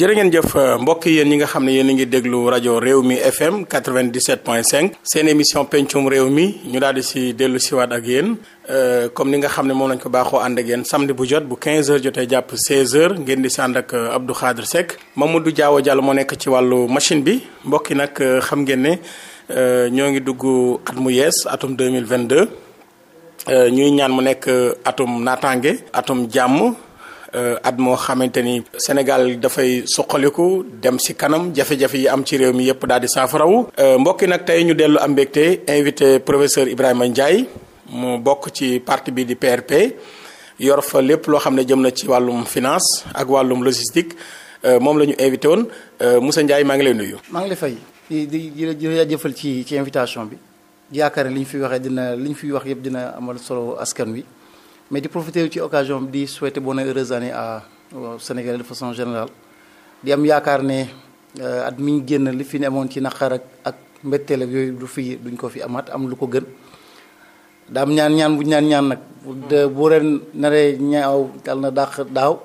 jërë ngeen jëf euh, mbokk yéen ñi nga xam ne yéen a ngi déglu rajo réew mi FM 97.5 seen émission pencum réew mi ñu daal di si dellu siwaat ak yéen euh, comme ni nga xam ne moom lañ ko baaxoo ànd ak yéen samedi bu jot bu 15h jotee jàpp 16h ngeen di si ànd ak euh, Abdou Khadre Seck Mamadou Diaw Diallo moo nekk ci wàllu machine bi mbokk yi nag xam ngeen ne ñoo ngi dugg at mu yees atum 2022 ñuy ñaan mu nekk atum naataange atum jàmm. Euh, at moo xamante ni Sénégal dafay soqaliku dem si kanam jafe-jafe yi am ci réew mi yëpp daal di saafarawu euh, mbokki nag tey ñu dellu am mbégte invité professeur Ibrahima Ndiaye mu bokk ci parti bi di PRP yor fa lépp loo xam ne jëm na ci wàllum finance ak wàllum logistique euh, moom la ñu invité woon Moussa Ndiaye maa ngi lay nuyu. maa ngi lay fay di di di jëfal ci ci invitation bi yaakaar li ñu fi waxee dina li ñu fi wax yëpp dina amal solo askan wi. mais di profiter ci occasion bi di souhaiter bonne heureuse année à Sénégalais de façon générale di am yaakaar ne euh, at mi génn li fi ne amoon ci naqar ak ak mbetteel yooyu du fi duñ ko fi amaat am lu ko gën daam ñaan ñaan bu ñaan ñaan nag bu ren naree ñaaw dal na daaw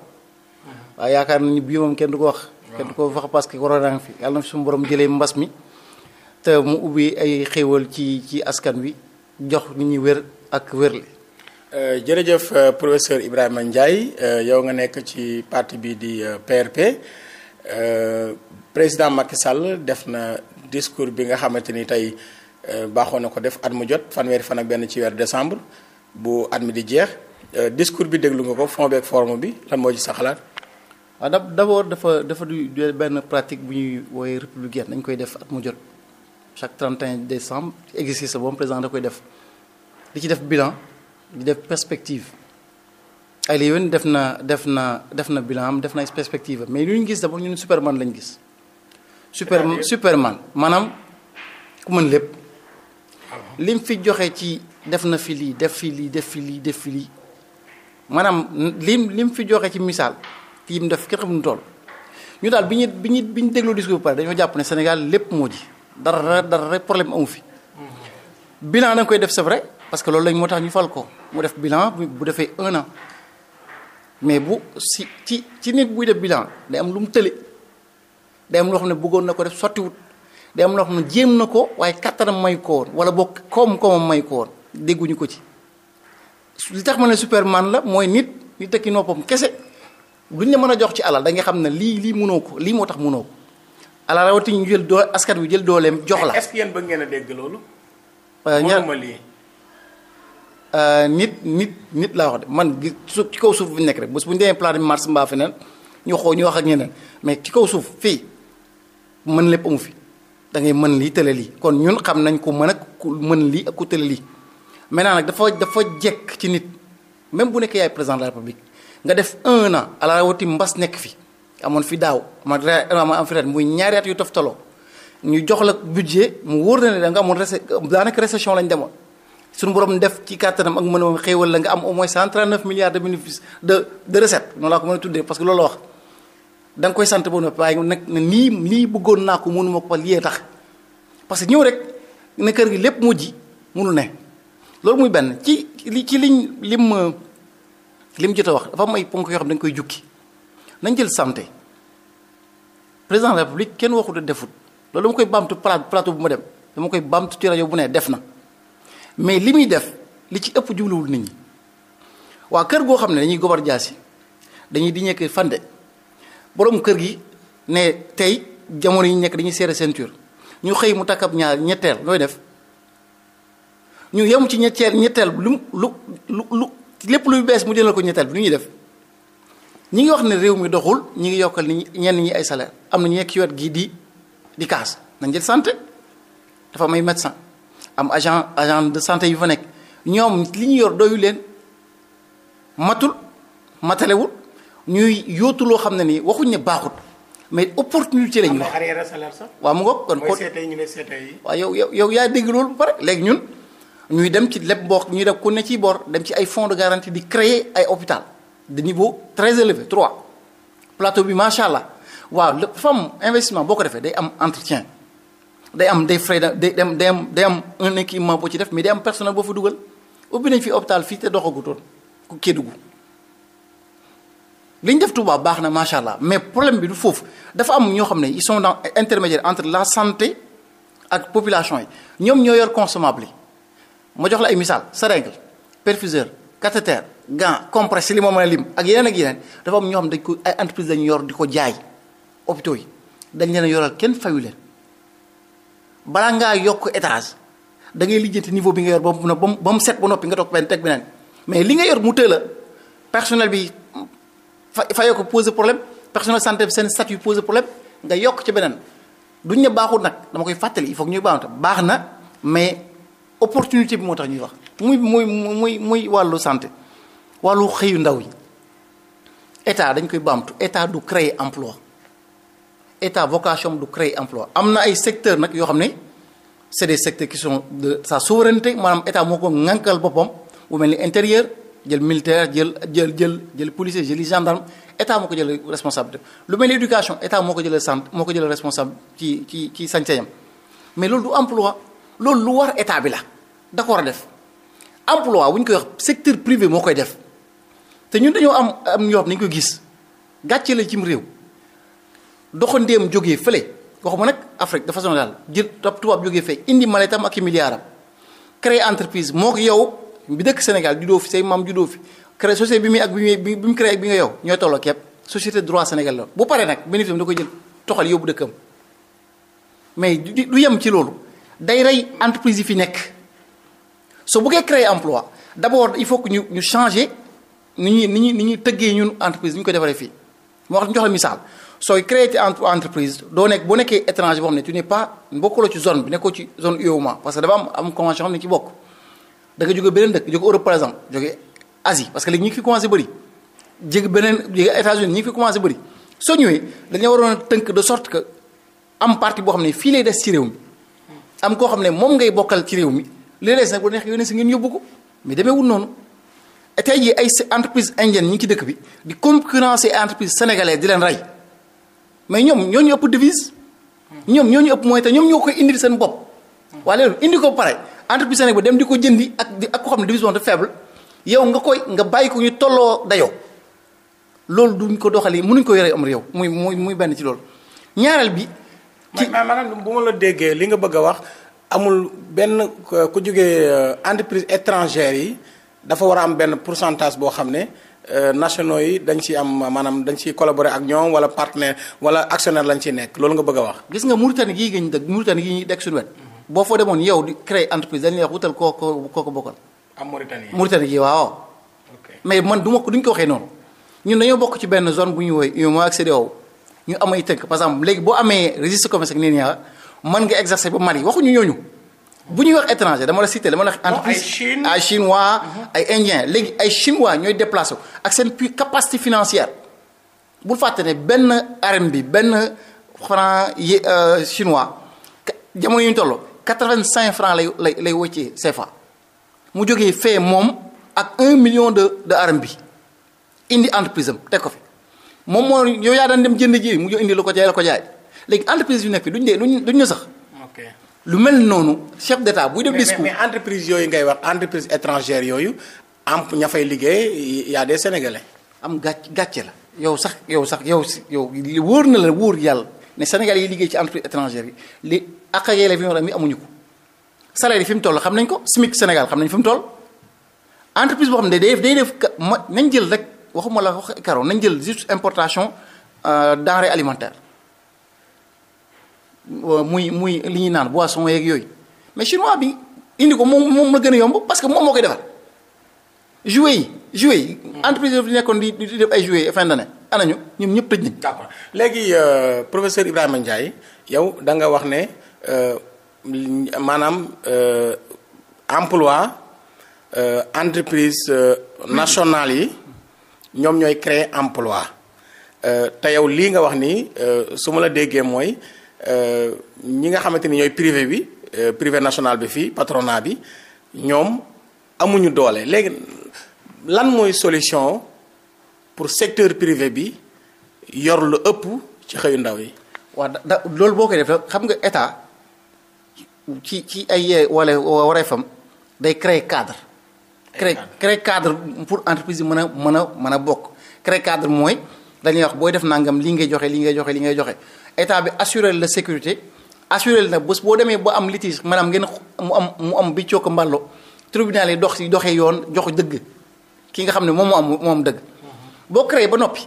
waaye yaakaar nañu bii moom kenn du ko wax kenn du wax parce que corona ngi fi yàlla na fi suñu borom jëlee mbas mi te mu ubbi ay xéewal ci ci askan wi jox ni ñuy wér ak wérle Euh, jërëjëf euh, professeur Ibrahima Ndiaye euh, yow nga nekk ci parti bi di PRP président Macky Sall def na discours bi nga xamante ni tey baaxoo na ko def at mu jot fanweeri fan ak benn ci weer décembre bu at mi di jeex discours bi déglu nga ko fond beeg forme bi lan moo ci sa xalaat. waaw ah, d'abord dafa dafa du benn pratique bu ñuy woowee républicaine dañ koy def at mu jot chaque 31 décembre exercice la boobu président da koy def di ci def bilan. di def perspective ay la yoon def na def na def na bilan am def na perspective mais lu ñu gis d'abord ñun Superman lañ gis. super Superman maanaam ku mën lépp. Ah lim fi joxe ci def na fi lii def fi lii def fi lii def fi maanaam lim lim fi joxe ci misaal kii mu def kenn xamul tool ñu daal bi ñu bi ñu bi ñu dégloo discours bi pare dañoo jàpp ne Sénégal lépp moo ji dara dara problème amu fi. Mm-hmm. bilan da koy def c'est parce que loolu lañ moo tax ñu fal ko mu def bilan bu defee un mais bu si ci ci nit buy def bilan day am lu mu tële day am loo xam ne bëggoon na ko def sottiwut day am loo xam ne jéem na ko waaye kàttanam may ko woon wala boo koom-koomam may ko woon dégguñu ko ci li tax ma ne superman la mooy nit nit tekki noppam kese luñ ne mën a jox ci alal da nga xam ne lii lii mënoo ko lii moo tax munoo ko alal rawatina ñu jël doole askan wi jël dooleem jox la. est-ce ngeen a dégg loolu. Euh, ñaar lii. Euh, nit nit nit laa wax de man gi su ci kaw suuf bu nekk rek bés bu ñu demee plan de mars mbaa feneen ñu xoo ñu wax ak ñeneen mais ci kaw suuf fii mën lépp amu fi da ngay mën lii tële lii kon ñun xam nañ ko mën ak ku mën lii ak ku tële lii maintenant nag dafa dafa jekk ci nit même bu nekkee yaay président de la république nga def un an à mbas nekk fi amoon fi daaw ma ma am fi ren muy ñaari at yu toftaloo ñu jox la budget mu wóor na ne da nga amoon rece daanaka récession lañ demoon. suñu borom def ci kàttanam ak mën a xéewal la nga am au moins 139 milliards de bénéfice de de recette noonu laa ko mën a tuddee parce que loolu la wax da nga koy sant ba noppi waaye nag nii lii bëggoon naa ko mënuma ko liyee parce que ñëw rek ne kër gi lépp ji munu ne loolu muy benn ci li ci liñ lim lim jot a wax dafa may ay ponk yoo xam dañ koy jukki nañ jël santé président de la république kenn waxut a defut loolu dama koy baamtu plateau bu ma dem dama koy baamtu ci rajo bu ne def na mais li muy def li ci ëpp jubluwul nit ñi waa kër goo xam ne dañuy gobar jaasi dañuy di ñekk fande borom kër gi ne tey jamono yi nekk dañuy serré ceinture ñu xëy mu takk ab ñaar ñetteel nooy def ñu yem ci ñetteel ñetteel lu lu lu lépp luy bees mu jëlal ko ñetteel bi lu ñuy def ñi ngi wax ne réew mi doxul ñi ngi yokkal ni ñenn ñi ay salaire am na ñu nekk ci wet gii di di kaas nañ jël santé dafa may médecin am agent agent de santé yu fa nekk ñoom li ñu yor doyu leen matul matalewul ñuy yóotu loo xam ne ni waxuñ ne baaxut mais opportunité la ñu wax waaw mu ngoog kon waaw yow yow yow yaa dégg loolu léegi ñun ñuy dem ci lépp boo ñuy def ku ne ci bor dem ci ay fonds de garantie di créer ay hôpital de niveau très élevé trois plateau bi macha allah waaw le femme investissement boo ko defee day am entretien day am day frais day dem day am day am un équipement boo ci def mais day am personnel boo fa dugal ubbi nañ fi hôpital fii te doxagutoon ku Kédougou li ñu def Touba baax na macha allah mais problème bi du foofu dafa am ñoo xam ne ils sont dans intermédiaire entre la santé ak population yi ñoom ñoo yor consommable yi ma jox la ay misaal seringue perfuseur cathéter gant compresse li ma mën a lim ak yeneen ak yeneen dafa am ñoo xam dañ ko ay entreprise lañu yor di ko jaay hôpitaux yi dañ leen a kenn fayu balaa ngaa yokk étage da ngay lijjanti niveau bi nga yor ba mu ba mu set ba noppi nga toog teg beneen mais li nga yor mu tëla personnel bi fa fayoo ko pose problème personnel santé bi seen statut pose problème nga yokk ci beneen duñ ne baaxul nag dama koy fàttali il faut que ñuy baax na mais opportunité bi moo tax ñuy wax muy muy muy muy wàllu santé wàllu xëyu ndaw yi état dañ koy baamtu état du créer emploi état vocation du créer emploi am na ay secteurs nag yoo xam ne c'est des secteurs qui de sa souveraineté maanaam état moo ko ŋànkal boppam bu mel ni intérieur jël militaire jël jël jël jël policier jël gendarme état moo ko jël responsabilité lu mel ni éducation état moo ko jëlee sant moo ko jël responsable ci ci ci sañ-sañam mais loolu du emploi loolu lu war état bi la da ko war a def emploi bu ñu koy wax secteur privé moo koy def te ñun dañoo am am ñoo ko gis gàcce cim réew. doxandéem jógee fële waxuma nag Afrique de façon daal jël tab tubaab jógee fee indi maletam ak i milliardam créer entreprise moo ko yow bi dëkk Sénégal juddoo fi say maam juddoo fi créer société bi muy ak bi bi mu créé ak nga yow ñooy tolloo képp société droit Sénégal la bu paree da koy jël toxal yóbbu dëkkam mais du yem ci loolu day rey entreprise yi fi nekk soo buggee créer emploi d' abord il faut que ñu ñu changer ni ñuy ni ñuy ni ñuy tëggee ñun entreprise ni ñu ko defaree fii moo wax ñu jox la sooy créer entreprise doo nekk boo nekkee étranger boo xam ne tu n'es pas bokkuloo ci zone bi nekkoo ci zone UEMOA parce que dafa am am convention xam ne ci bokk da nga beneen dëkk jóge Europe par exemple joge Asie parce que léegi ñi ngi fi commencé bëri jóge beneen jóge États-Unis ñi ngi fi commencé bëri soo ñëwee dañoo waroon a tënk de sorte que am parti boo xam ne fii lay des ci réew mi am koo xam ne moom ngay bokkal ci réew mi li des nag bu neex yónnee si ngeen yóbbu ko mais demeewul noonu tey ay entreprise indienne ñi ci dëkk bi di concurrencer entreprise sénégalaise di leen rey mais ñoom ñoo ñu ëpp devise. ñoom ñoo ñu ëpp mooy te ñoom ñoo koy indil seen bopp. waaye loolu indi ko pare entreprise Sénégal dem di ko jëndi ak di ak ko xam ne devise wante faible yow nga koy nga bàyyi ko ñu tolloo dayoo loolu duñ ko doxalee mënuñ ko yore am réew muy muy muy benn ci loolu ñaareel bi. ci maanaam bu ma la déggee li nga bëgg a wax amul benn ku jógee euh, entreprise étrangère yi dafa war a am benn pourcentage boo xam ne. Euh, nationaux yi dañ ci am maanaam dañ ciy collaborer ak ñoom wala partenaire wala actionnaire lañ ci nekk loolu nga bëgg wax. gis nga Mauritanie gii nga ñu dëkk Mauritanie gii ñuy dekk suñu wet boo fa demoon yow di créer entreprise dañ lay wax wutal koo ko koo ko bokkal. am ah, Mauritanie Mauritanie waaw. mais man du ma ko duñ ko waxee noonu ñun dañoo bokk ci benn zone bu ñu woowee UEMOA ak CEDEAO ñu amay tënk par exemple léegi boo amee registre commerce ak nii nii mën nga exercer ba Mali waxuñu ñooñu bu ñuy wax étranger dama la cité dama la wax. entreprise ay chinois mhm. ay indiens léegi ay chinois ñooy déplacé ko ak seen puis capacité financière bul fàtte ne benn RM bi benn franc yi euh, chinois jamono yu ñu toll quatre-vingt-cinq francs lay lay lay wëccee CFA mu jógee fee moom ak un million de de RM bi indi entreprise am teg ko fi moom moo yow yaa daan dem jënd ji mu indi la ko jaay la ko jaay léegi entreprise yu nekk fi duñ dee duñ duñ sax. lu mel noonu chef d'État buy def discours mais entreprise yooyu ngay wax entreprise étrangère yooyu am ña fay liggéey y a des sénégalais. am gàcc gàcce la yow sax yow sax yow si yow wóor na la wóor yàlla ne sénégal yi liggéey ci entreprise étrangère yi li ak ak yelleef yi amuñu ko salaire yi fi mu toll xam nañ ko SMIC Sénégal xam nañ fi mu toll entreprise boo xam ne day day def ma nañ jël rek waxuma la wax karo nañ jël juste importation euh, denrée alimentaire. Euh, muy muy li ñuy naan boisson yeeg yooyu mais chinois bi indi ko moom moom la gën a yomb parce que moom moo koy defar jouet yi jouet yi. Hmm. entreprise yi nekkoon di di def ay jouet fin d'année ana ñoom ñëpp tëj nañ. d'accord léegi euh, professeur Ibrahima Ndiaye yow da nga wax ne euh, maanaam emploi entreprise hmm. nationale yi ñoom ñooy créer emploi te yow lii nga wax nii su ma la déggee mooy. ñi nga xamante ni ñooy privé bi euh, privé national bi fii patronat bi ñoom amuñu doole léegi lan mooy solution pour secteur privé bi yor lu ëpp ci xëyu ndaw yi. waaw da loolu boo koy def xam nga état ci ci ay wala wareefam day créer cadre. créer créer cadre pour entreprise yi mën a mën a mën a bokk créer cadre mooy dañuy wax booy def nangam lii ngay joxe li ngay joxe li ngay joxe. état bi assuré la sécurité assuré na bés boo demee ba am litige maanaam ngeen mu am mu am bi cooka mballo tribunal yi dox si doxee yoon jox dëgg ki nga xam ne moom moo am moom dëgg. boo créé ba noppi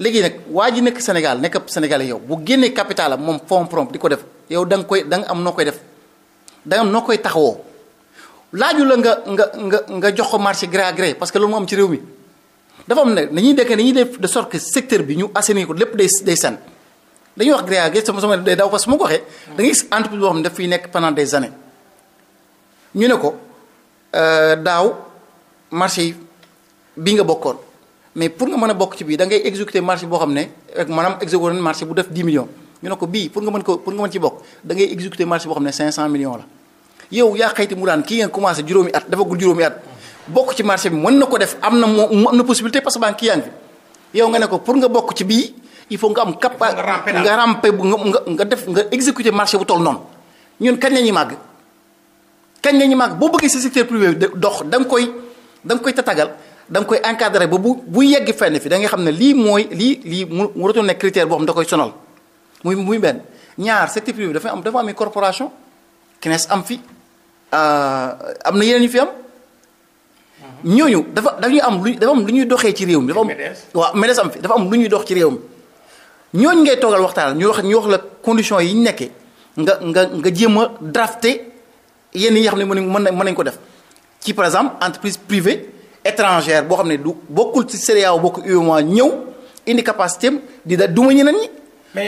léegi nag waa ji nekk Sénégal nekk Sénégal yow bu génnee capital am moom fonds propre di ko def yow da nga koy danga am noo koy def da am noo koy taxawoo laaju la nga nga nga nga jox ko marché gré à parce que loolu mu am ci réew mi dafa am ne dañuy dekk dañuy def de sorte que secteur bi ñu assainir ko lépp day day san dañuy wax gré sama sama day daw parce que mu ko waxee. da ngay gis boo xam ne daf fiy nekk ñu ne ko euh, daaw marché yi bii nga bokkoon mais pour nga mën a bokk ci bii da ngay exécuter marché boo xam ne rek maanaam exécuter marché bu def 10 millions. ñu ne ko bii pour nga mën ko pour nga mën ci bokk da ngay exécuter marché boo xam ne 500 millions la yow mu daan kii commencé juróomi at defagul juróomi at. bokk ci marché bi mën na ko def am na moo am na possibilité parce que banque kii yaa ngi yow nga ne ko pour nga bokk ci bii. il faut nga am capa nga rampe bu nga nga def nga exécuter marché bu toll noonu ñun kañ la ñuy màgg kañ la ñuy màgg boo bëggee sa secteur privé dox danga koy da koy tatagal da nga koy encadré ba bu bu yegg fenn fi da nga xam ne lii mooy lii lii mu waratoon ne critère boo xam da koy sonal muy muy benn ñaar secteur privé dafa am dafa amee corporation CNES am fi euh, am na yeneen yu fi am. Mm-hmm. ñooñu dafa dañuy am lu dafa am lu ñuy doxee ci réew mi. dafa am waaw MEDES am am lu ñuy dox ci réew mi. ñooñu ngay toogal waxtaan ñu wax ñu wax la condition yi ñu nekkee nga nga nga jéem a drafté yenn yi xam ne mën nañ mën nañ ko def ci par exemple entreprise privée étrangère boo xam ne du bokkul ci CEDEAO bokk UEMOA ñëw indi capacité am di da duma ñeneen ñi.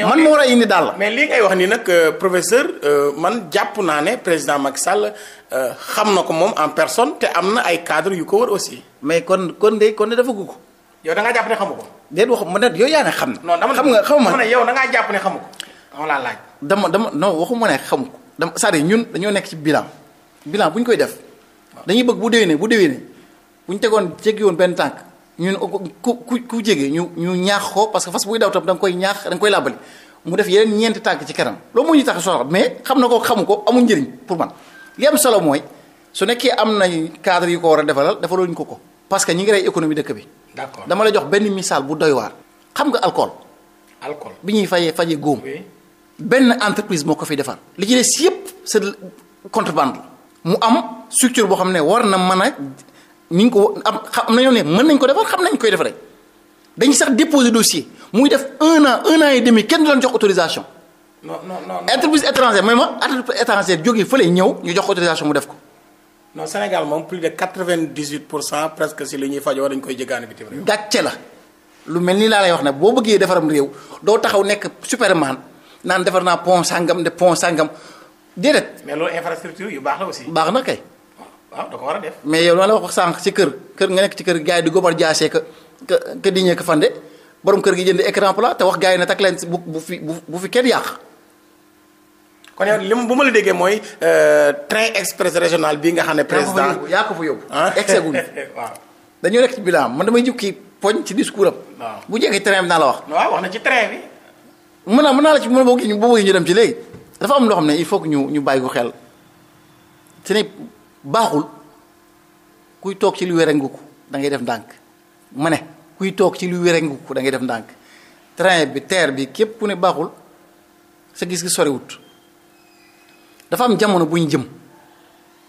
man moo war a indi daal la. mais lii ngay wax ni nag euh, professeur euh, man jàpp naa ne président Macky Sall euh, xam na ko moom en personne te am na ay cadre yu ko war aussi. mais kon kon de kon de dafa gugg. yow da nga jàpp ne ko. déet waxuma ne yow yaa ne xam na. non dama xam nga xamuma ne yow da ngaa jàpp ne xamu ko. xaw laa laaj. dama dama non waxuma ne xamu ko dama c'est-à-dire ñun dañoo nekk ci bilan bilan bu ñu koy def dañuy bëgg bu déwénee bu déwénee bu ñu tegoon jéggi woon benn tànk ñun ku ku ku jege ñu ñu ñaax ko parce que fas buy daw tam da nga koy ñaax da nga koy làbbali mu def yeneen ñeenti tànk ci kanam loolu moo ñu tax soxla mais xam na ko xamu ko amul njëriñ pour man li am solo mooy su nekkee am nañ cadre yu ko war a defalal defaluñ ko ko parce que ñi ngi rey économie dëkk bi d'accord dama la jox benn misaal bu doy waar. xam nga alcool. bi ñuy fayee fajee góom. benn entreprise moo ko fi defar. li ci des yëpp c'est contrebande mu am structure boo xam ne war na mën a ni ñu ko am xam nañoo ne mën nañ ko defar xam nañ koy defaree dañu sax déposer dossier muy def un an un an demi kenn doon jox autorisation. non non non entreprise étrangère mooy ma entreprise étrangère jógee fële ñëw ñu jox autorisation mu def ko. non Sénégal moom plus de 98 pour cent presque si li ñuy fajoo dañ koy jéggaani bitim réew. gàcce la lu mel ni laa lay wax nag boo bëggee defaram réew doo taxaw nekk superman naan defar naa pont sàngam de pont sangam déedéet. mais loolu infrastructure yu baax la baax na kay. a def. mais yow ma la wax sànq ci kër kër nga nekk ci kër gars yi di gobar jaasee ka ka ka ka fande borom kër gi jënd écran plat te wax gars yi ne takk leen bu bu fi bu fi kenn yàq. kon yow li bu ma la déggee mooy euh, train express régional bii nga xam ne. président yaa ko fa yóbbu yaa ko fa yóbbu. Ah. excès gu waaw dañoo nekk ci bilan man damay jukki poñ ci discours am. bu jege train bi naa la wax. waaw wax na ci train bi. mën naa mën naa la ci mën ñu boo ñu dem ci léegi dafa am loo xam ne il faut que ñu bàyyi ko baaxul kuy toog ci lu wérengu ko da def ndànk ma ne kuy toog ci lu wérengu ko da ngay def ndànk train bi terre bi képp ku ne baaxul sa gis-gis soriwut. dafa am jamono bu ñu jëm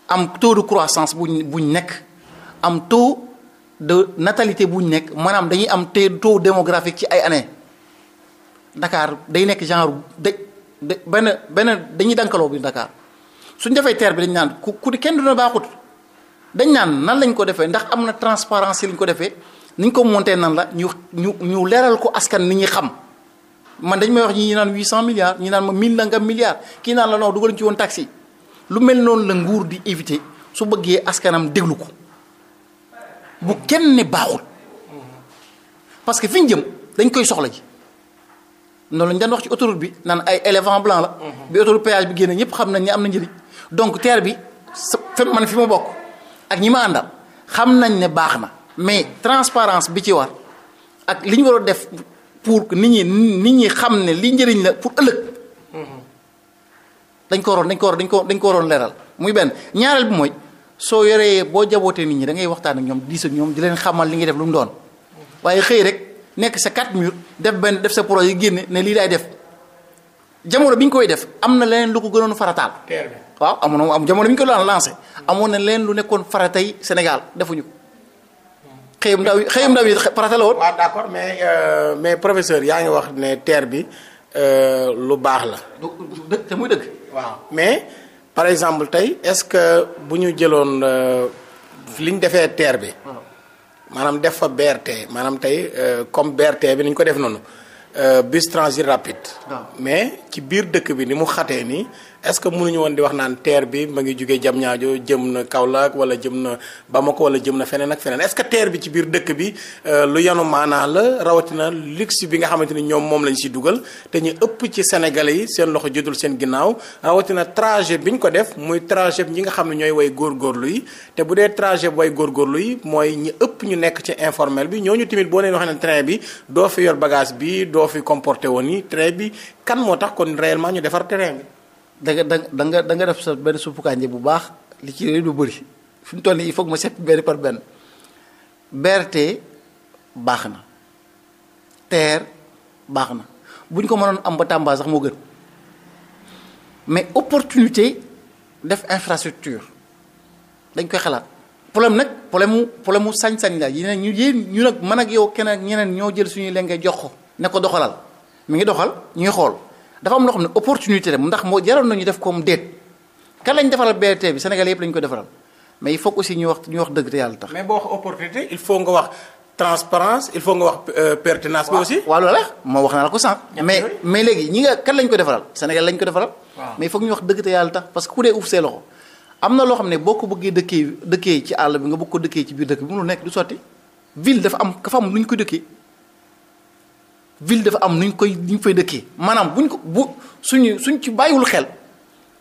am taux de croissance buñ buñ nekk am taux de natalité buñ nekk maanaam dañuy am te taux démographique ci ay années ndakaar day nekk genre de de benn benn dañuy dankaloo bi Dakar suñ defee terre bi dañ naan ku ku kenn du na baaxut dañ naan nan lañ ko defee ndax am na transparence liñ ko defee niñ ko montee nan la ñu ñu ñu leeral ko askan ni ñuy xam man dañ may wax ñi naan 800 milliards ñi naan ma 1000 nangam milliards kii naan la non dugal ci woon taxi lu mel noonu la nguur di éviter su bëggee askanam déglu ko bu kenn ne baaxul parce que fi ñu jëm dañ koy soxla ji noonu lañ daan wax ci autoroute bi naan ay éléphant blanc la. bi autoroute péage bi génne ñëpp xam nañ ne am na njëriñ donc terre bi sa man fi ma bokk ak ñi ma àndal xam nañ ne baax na mais transparence bi ci war ak li ñu war def. pour que nit ñi nit ñi xam ne li njëriñ la pour ëllëg. Mm-hmm. dañ ko waroon dañ ko war dañ ko dañ ko waroon leeral muy benn ñaareel bi mooy soo yoree boo jabootee nit ñi da ngay waxtaan ak ñoom diis ak ñoom di leen xamal li ngay def lu mu doon. Mm-hmm. waaye xëy rek nekk sa quatre murs def benn def sa projet génne ne lii daay def jamono bi ñu koy def am na leneen lu ko gënoon farataal. waaw amoon am jamono bi ñu ko doon lancé. Mm-hmm. amoon na leen lu nekkoon faratay Sénégal defuñu ko. xëyum ndaw yi xëyum ndaw yi farata la woon. waaw d'accord mais euh, mais professeur yaa ngi wax ne terre bi euh, lu baax la. du dëgg waaw mais par exemple tey est-ce que bu ñu jëloon euh, li ñu defee terre bi. maanaam def fa BRT maanaam tey comme BRT bi ni ñu ko def noonu. bus transit rapid mais ci biir dëkk bi ni mu xatee nii. est-ce que mënuñu woon di wax naan TER bi ma ngi jugee Diamniadio jëm na Kaolack wala jëm na Bamako wala jëm na feneen ak feneen est-ce que TER bi ci biir dëkk bi euh, lu yanu maanaa la rawatina luxe bi nga xamante ni ñoom moom lañ si dugal ñu ëpp ci Sénégalais yi seen loxo jotul seen ginnaaw rawatina trajet bi ñu ko def muy trajet ñi nga xam ne ñooy way góorgóorlu yi te bu dee trajet bu way góorgóorlu yi mooy ñi ëpp ñu nekk ci informel bi ñoo ñu tamit boo leen waxee ne train bi doo fi yor bagage bi doo fi comporté woon yi train bi kan moo tax kon réellement ñu defar train bi da nga da nga da nga def sa benn suppu kànja bu baax li ci réew du bëri fi mu toll nii il faut que ma sepp benn par benn BRT baax na TER baax na bu ñu ko mënoon am ba Tamba sax moo gën mais opportunité def infrastructure dañ koy xalaat problème nag problème mu problème mu sañ-sañ la yi ne ñu yéen ñu nag mën ak yow keneen ñeneen ñoo jël suñuy lenge jox ko ne ko doxalal mu ngi doxal ñuy xool. dafa am loo xam ne opportunité la ndax moo jaroon nañu def comme déet kan lañ defaral BRT bi Sénégal yëpp lañ ko defaral mais il ñu wax ñu wax dëgg te yàlla tax. mais boo wax opportunité il faut nga wax transparence wax euh, pertinence bi moo wax naa la ko sànq. mais mais léegi ñi nga kan lañ ko defaral Sénégal lañ ko defaral. mais il ñu wax dëgg yàlla tax parce que ku dee uuf see loxo. am na loo xam ne boo ko bëggee dëkkee dëkkee ci àll bi nga bëgg ko dëkkee ci biir dëkk bi mu lu nekk du sotti ville dafa am dafa am lu ñu ko dëkkee ville dafa am nu ñu koy nu fa fay dëkkee maanaam buñ ko bu suñu suñ ci bàyyiwul xel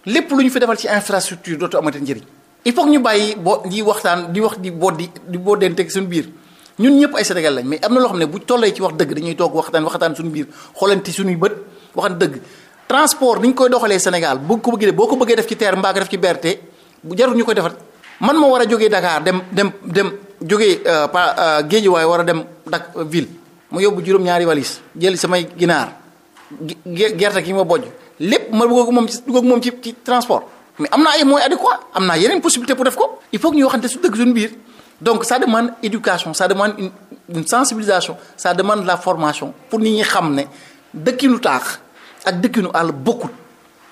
lépp lu ñu fi defal ci infrastructure dootu amati njëriñ il faut ñu bàyyi boo di waxtaan di wax di boo di di boo denteeg suñu biir ñun ñëpp ay Sénégal lañ mais am na loo xam ne bu tollee ci wax dëgg dañuy toog waxtaan waxtaan suñu biir xoolante suñuy bët waxan dëgg transport ni ñu koy doxalee Sénégal bu ko bëggee boo ko bëggee def ci terre mbaa def ci BRT bu jarul ñu koy defar man ma war a jógee Dakar dem dem dem jógee euh, pa euh, géejuwaay war a dem dak ville mu yóbbu juróom-ñaari walis jël samay ginaar gerte gi ma bojj lépp ma dugg moom ci dugg moom ci ci transport mais am na ay moyens adéquats am naa yeneen possibilité pour def ko il faut que ñu waxante su dëgg suñu biir donc ça demande éducation ça demande sensibilisation ça demande la formation pour nit ñi xam ne dëkkinu taax ak dëkkinu àll bokkul.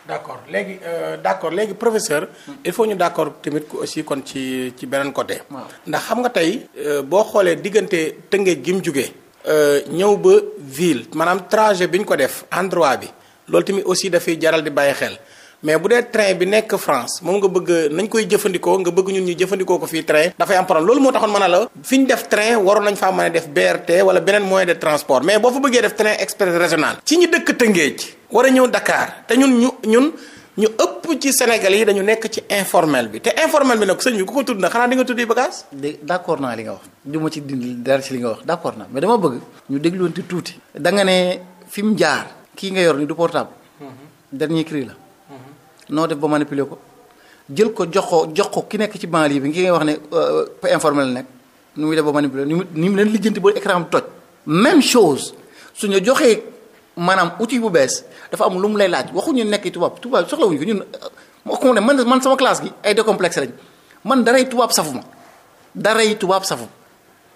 d' accord léegi euh, d' accord léegi professeur. il ñu d' accord tamit aussi kon ci ci beneen côté. ndax xam nga tey. Euh, boo xoolee diggante Tëngéej gi mu jugee. Euh, ñëw ba ville maanaam trajet bi ñu ko def endroit bi loolu tamit aussi dafay jaral di bàyyi xel mais bu dee train bi nekk France moom nga bëgg nañ koy jëfandikoo nga bëgg ñun ñu jëfandikoo ko fii train dafay am loolu moo taxoon mën a la fi ñu def train waroon nañ faa mën a def BRT wala beneen moyen de transport mais boo fa bëggee def train express régional ci ñi dëkk Tëngéej war a ñëw Dakar te ñun ñu ñun ñu ëpp ci Sénégal yi dañu nekk ci informel bi te informel bi nag sëñ bi ku ko tudd na xanaa di nga tuddi bagage d' accord naa li nga wax du ma ci dindi dara ci li nga wax d' accord naa mais dama bëgg ñu dégluwante tuuti da nga ne fi mu jaar kii nga yor ni du portable mhm. dernier cri la mhm. noo def ba manipuler ko jël ko jox ko jox ko ki nekk ci yi bi ngi ngay wax ne euh, informel nekk nu muy def ba manipuler ni mu leen lijjanti ba écran bi toj même chose suñu joxee maanaam outil bu bees dafa am lu mu lay laaj waxuñu nekk tubaab tubaab soxlawuñu ko ñun euh, waxuma ne man man sama classe gi ay décomplexe lañ man daray tubaab safu ma daray tubaab safu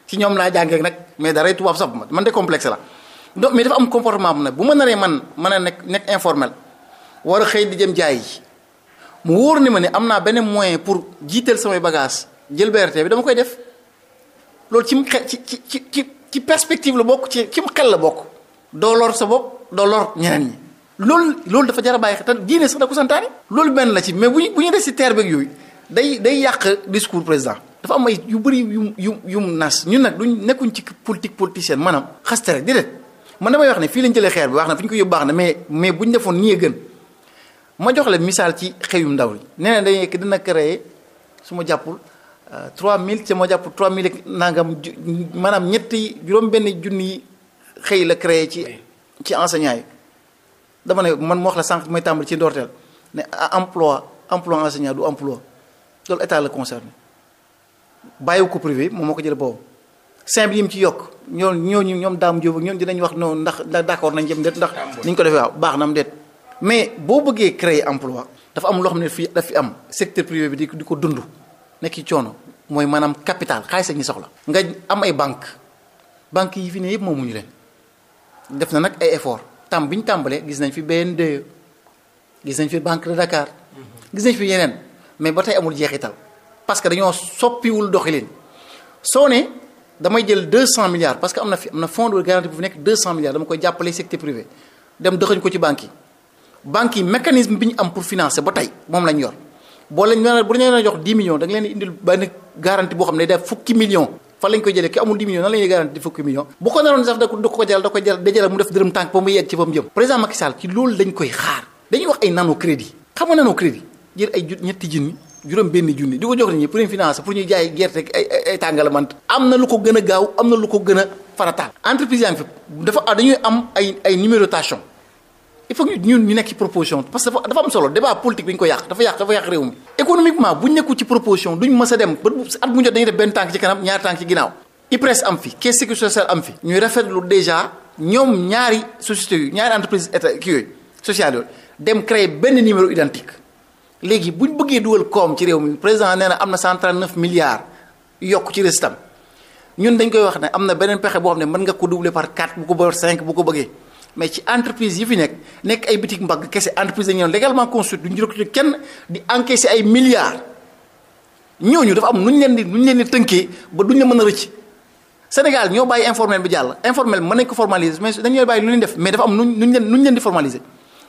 ci ñoom laa jàngee nag mais daray tubaab safu ma man décomplexe la donc mais dafa am comportement bu bu ma naree man mën a nekk nekk informel war a xëy di jëm jaay mu wóor ni ma ne am naa beneen moyen pour jiital samay bagage jël BRT bi dama koy def loolu ci ci ci ci ci perspective la bokk ci ci mu xel la bokk dooloor sa bopp doo lor ñeneen ñi loolu loolu dafa jar a bàyyi xel te diine sax na ko santaane loolu benn la ci mais bu ñu bu ñu des si terre beeg yooyu day day yàq discours président dafa am ay yu bëri yu yu yu mu nas ñu nag duñ nekkuñ ci politique politicienne maanaam xaste rek déedéet man damay wax ne fii lañ jëlee xeer bi wax na fi ñu ko yóbbu baax na mais mais buñ defoon nii gën ma jox la misaal ci xew yu ndaw yi nee na dañuy nekk dina créer su ma jàppul 3000 euh, te ma jàpp 3000 nangam maanaam ñetti juróom-benn junni yi xëy la créé ci ci enseignant yi dama ne man ma wax la sànq mooy tàmbali ci ndorteel ne emploi emploi enseignant du emploi loolu état la concerné bàyyiwu ko privé moom moo ko jël boobu cinq yi mu ci yokk ñoo ñooñu ñoom daam Diop ak ñoom dinañ wax non ndax d'accord nañ jëm ndet ndax niñ ko defee waaw baax na am ndet mais boo bëggee créer emploi dafa am loo xam ne fii daf fi am secteur privé bi di di ko dund nekk ci coono mooy maanaam capital xaalis ak ñi soxla nga am ay banque banque yi fi ne yëpp ñu leen def na nag ay effort tam bi ñu tàmbalee gis nañ fi BNDE gis nañ fi Banque de Dakar gis nañ fi yeneen mais ba tey amul jeexital parce que dañoo soppiwul doxalin soo ne damay jël 200 milliards parce que am na fi am na fonds bu fi nekk 200 milliards dama koy jàppale secteur privé dem dëxañ ko ci banques yi banques yi mécanisme bi ñu am pour financer ba tey moom lañ yor boo lañ bu ñu leen jox 10 millions da nga leen indil benn garantie boo xam ne def fukki millions fa lañ koy jëlee ki amul 10 millions nan la ñuy garanti fukki millions bu ko naroon sax da ko da ko jaral dajale mu def dërëm tànk ba mu yegg ci ba mu jëm président Macky Sall ci loolu dañ koy xaar dañuy wax ay nano crédit xam nga nano crédit jël ay ñetti junni juróom benn junni di ko jox nit ñi pour ñu finance pour ñuy jaay gerte ay ay tàngalamant am na lu ko gën gaaw am na lu ko gën a farataal entreprise yaa ngi fi dafa dañuy am ay ay numérotation il faut que ñu nekk ci proposition parce que dafa am solo débat politique bi ñu ko yàq dafa yàq dafa yàq réew mi économiquement bu ñu nekku ci proposition duñ mës a dem ba at bu jot dañuy def benn tànk ci kanam ñaari tànk ci ginnaaw IPRES am fi caisse sécurité sociale am fi ñuy rafetlu déjà ñoom ñaari sociétés yu ñaari entreprise état ki yooyu sociales yooyu dem créer benn numéro identique léegi bu ñu bëggee dugal koom ci réew mi président nee na am na 139 milliards yokk ci résultat ñun dañ koy wax ne am na beneen pexe boo xam ne mën nga ko doubler par 4 bu ko ba 5 bu ko bëggee mais ci entreprise yi fi nekk nekk ay boutique mbagg kese entreprise dañu yoon légalement constitué duñu recruter kenn di encaisser ay milliards ñooñu dafa am lu ñu leen di nu ñu leen di tënkee ba duñ la mën a rëcc Sénégal ñoo bàyyi informel bi jàll informel mën nañ ko formaliser mais dañu leen bàyyi lu ñu def mais dafa am nu ñu leen nu ñu leen di formaliser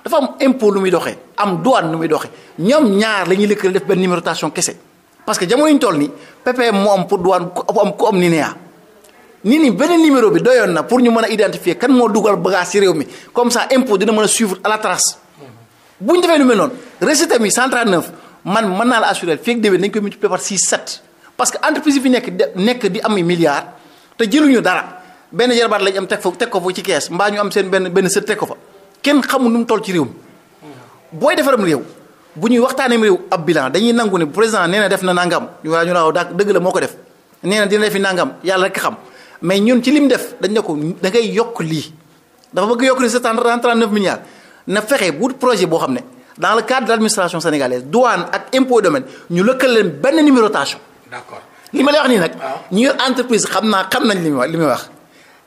dafa am impôt lu muy doxee am douane lu muy doxee ñoom ñaar la ñuy lëkkale def benn numérotation kese parce que jamono ñu toll nii PPM moo pour douane ku am ku am nii nii beneen numéro bi doyoon na pour ñu mën a identifier kan moo dugal bagage ci réew mi comme ça impôt dina mën a suivre à la trace bu ñu defee lu mel naa la assurer fii ak parce que entreprise bi nekk nekk di am milliards te jëluñu dara benn jarbaat lañ am teg fa teg ko fa ci kees mbaa ñu am seen benn benn sët teg ko fa kenn xamul nu mu toll ci réew mi booy defaram réew bu ñuy waxtaanee réew ab bilan dañuy nangu ne président nee def na nangam ñu waa ñu naaw dëgg la moo ko def nee na dina defi nangam yàlla rek xam. mais ñun ci lim def dañ ne ko da ngay yokk lii dafa bëgg yokk lii c'est 39 milliards na fexe bu projet boo xam ne dans le cadre de l'administration sénégalaise douane ak impôt domaine ñu lëkkal leen benn numérotation. d'accord li ma wax nii nag. Ah. ñu yor entreprise xam naa xam nañ li wax li muy wax.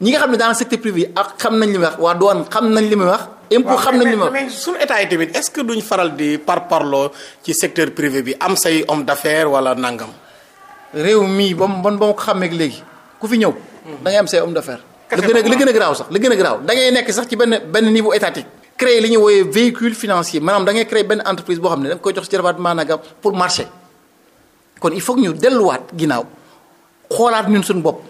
ñi nga xam ne dans le secteur privé ak xam nañ li wax waa douane xam nañ li muy wax. impôt xam nañ li muy wax mais suñu yi tamit est-ce que duñ faral di par parloo ci secteur privé bi am say homme d'affaires wala nangam. réew mii ba mu ba mu ko léegi ku fi ñëw. da ngay am say homme d'affaires li gën a gën a garaaw sax li gën a garaaw da nekk sax ci benn benn niveau étatique créer li ñuy wooyee véhicule financier maanaam da ngay créer benn entreprise boo xam ne da nga koy jox si kon il faut ñu delluwaat ginnaaw xoolaat ñun suñu bopp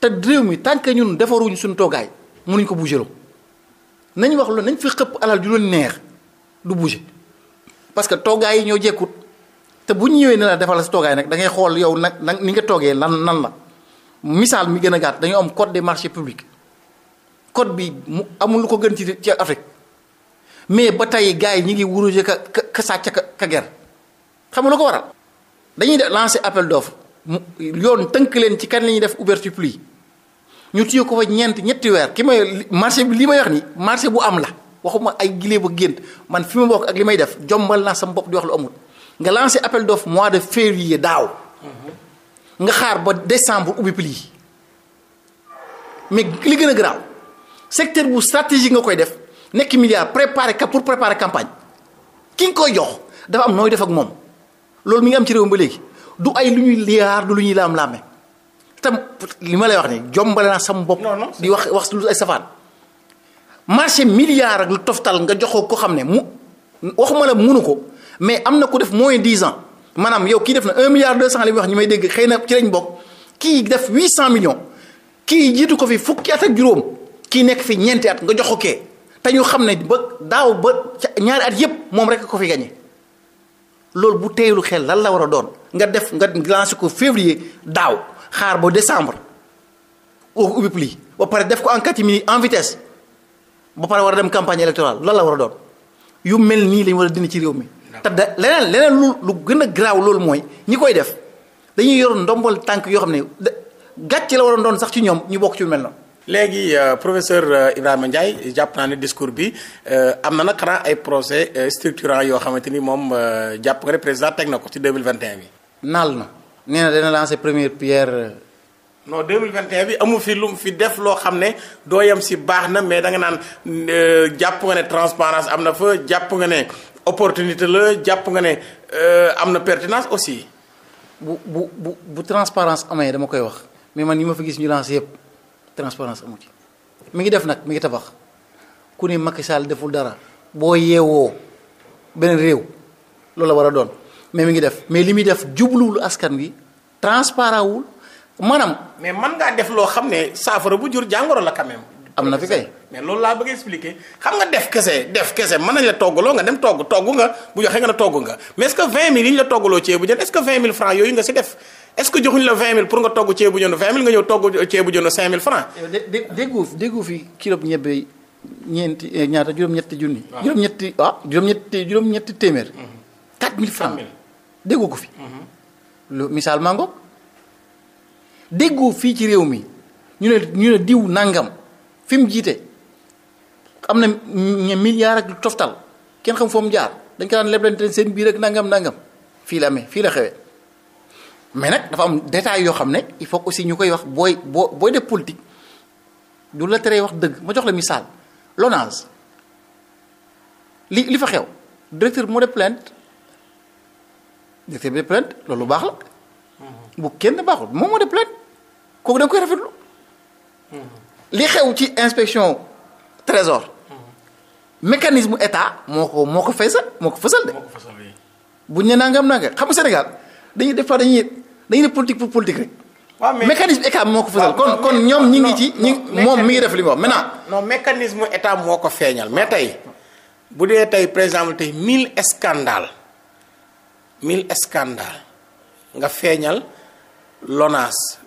te réew mi tant que ñun defaruñu suñu toogaay mënuñ ko bougé loo nañ wax loolu nañ fi xëpp alal du leen neex du bougé parce que toogaay yi ñoo jekkut te bu ñu ñëwee ne la defal la sa toogaay nag da ngay xool yow nag nag ni nga toogee nan nan la misaal mi gën a gàtt dañoo am code des marchés publics code bi mu amul lu ko gën ci ci Afrique mais ba tey gars yi ñu ngi wuruje ka ka sàcc ka ka ger xam nga lu ko waral. dañuy def lancer appel d'offre mu yoon tënk leen ci kan la ñuy def ouverture pluie ñu téye ko fa ñeent ñetti weer ki may marché bi li may wax ni marché bu am la waxuma ay gilee ba gént man fi ma bokk ak li may def jombal naa sama bopp di wax amul nga lancer appel d'offre mois de février daaw. Mm-hmm. nga xaar ba décembre ubbi pli mais li gën a garaaw secteur bu stratégique nga koy def nekk milliard préparer pour préparer campagne ki nga koy jox dafa am nooy def ak moom loolu mi ngi am ci réew ba léegi du ay lu ñuy du lu ñuy laam-laame tam li ma lay wax ni jombale naa sama bopp. di wax wax lu ay safaan. marché milliard ak lu toftal nga joxoo ko xam ne mu waxuma la munu ko mais am na ku def moins dix ans. maanaam yow kii def na 1 milliard 200 li muy wax ñu may dégg xëy na ci lañ bokk kii def 800 millions kii jiitu ko fi fukki at ak juróom kii nekk fi ñeenti at nga jox ko kee te ñu xam ne ba daaw ba ñaari at yépp moom rek ko fi gañe loolu bu teeylu xel lan la war a doon nga def nga lancé ko février daaw xaar ba décembre oo ko ubbi pli ba pare def ko en catimini en vitesse ba pare war a dem campagne électorale lan la war a doon yu mel nii lañ war a dindi ci réew mi. te da leneen leneen lu lu gën a garaaw loolu mooy ñi koy def dañuy yor ndombal tànk yoo xam ne gàcce la waroon doon sax ci ñoom ñu bokk ci lu mel noonu. léegi euh, professeur euh, Ibrahima Ndiaye jàpp naa ne discours bi euh, am na nag ay procès structurants yoo xamante ni moom jàpp nga président teg na ko ci 2021 bi. naal na nee na dana lancer première pierre. non 2021 bi amu fi lu mu fi def loo xam ne doo yem si baax na mais da nga naan jàpp nga ne transparence am na fa jàpp nga ne opportunité la jàpp nga ne euh, am na pertinence aussi. bu bu bu bu transparence amee dama koy wax mais man yi ma fa gis ñu lancé yëpp transparence amu ci mi ngi def nag mi ngi tabax ku ne Macky deful dara boo yeewoo beneen réew loolu la war a doon mais mi ngi def mais li muy def jubluwul askan wi transparent wul maanaam. mais mën ngaa def loo xam ne saafara bu jur jàngoro la quand am na fi kay. mais loolu laa bëgg expliquer xam nga def kese def kese mën nañ la toggaloo nga dem togg togg nga bu joxe nga ne togg nga mais est-ce que 20000 yi ñu la toggaloo ceebu jën est-ce que 20000 francs yooyu nga si def est-ce que joxuñ la 20000 pour nga togg ceebu jën 20000 nga ñëw francs. dé déggu déggu fi kilo ñebe ñeenti eh, ñaata juróom-ñetti junni. waaw juróom-ñetti ah juróom-ñetti mhm. francs déggu ko fi. Mhm. lu misaal maa ngoog déggu fii ci réew mi ñu ne ñu diw nangam. fi mu jiite am na milliard ak lu toftal kenn xam foo mu jaar dañ ko daan leblante seen biir ak nangam nangam fii la amee fii la xewee mais nag dafa am détail yoo xam ne il faut aussi ñu koy wax booy boo booy def politique du la teree wax dëgg ma jox la misaal Lonase li li fa xew directeur moo def plainte directeur bi def plainte loolu baax la mm-hmm. bu kenn baaxul moom moo def plainte kooku da nga koy rafetlu mm-hmm. li xew ci inspection trésor mécanisme état moo ko moo ko fësal moo ko fësal de. bu ñu nee nangam nangam xam nga Sénégal dañuy def fa dañuy dañuy def politique pour politique rek. waaw état moo ko fësal. kon kon ñoom ñi ngi ci ñi moom mi ngi def li mu wax maintenant. mécanisme état moo ko feeñal mais tey bu dee tey par exemple tey mille scandales mille scandales nga feeñal LONASE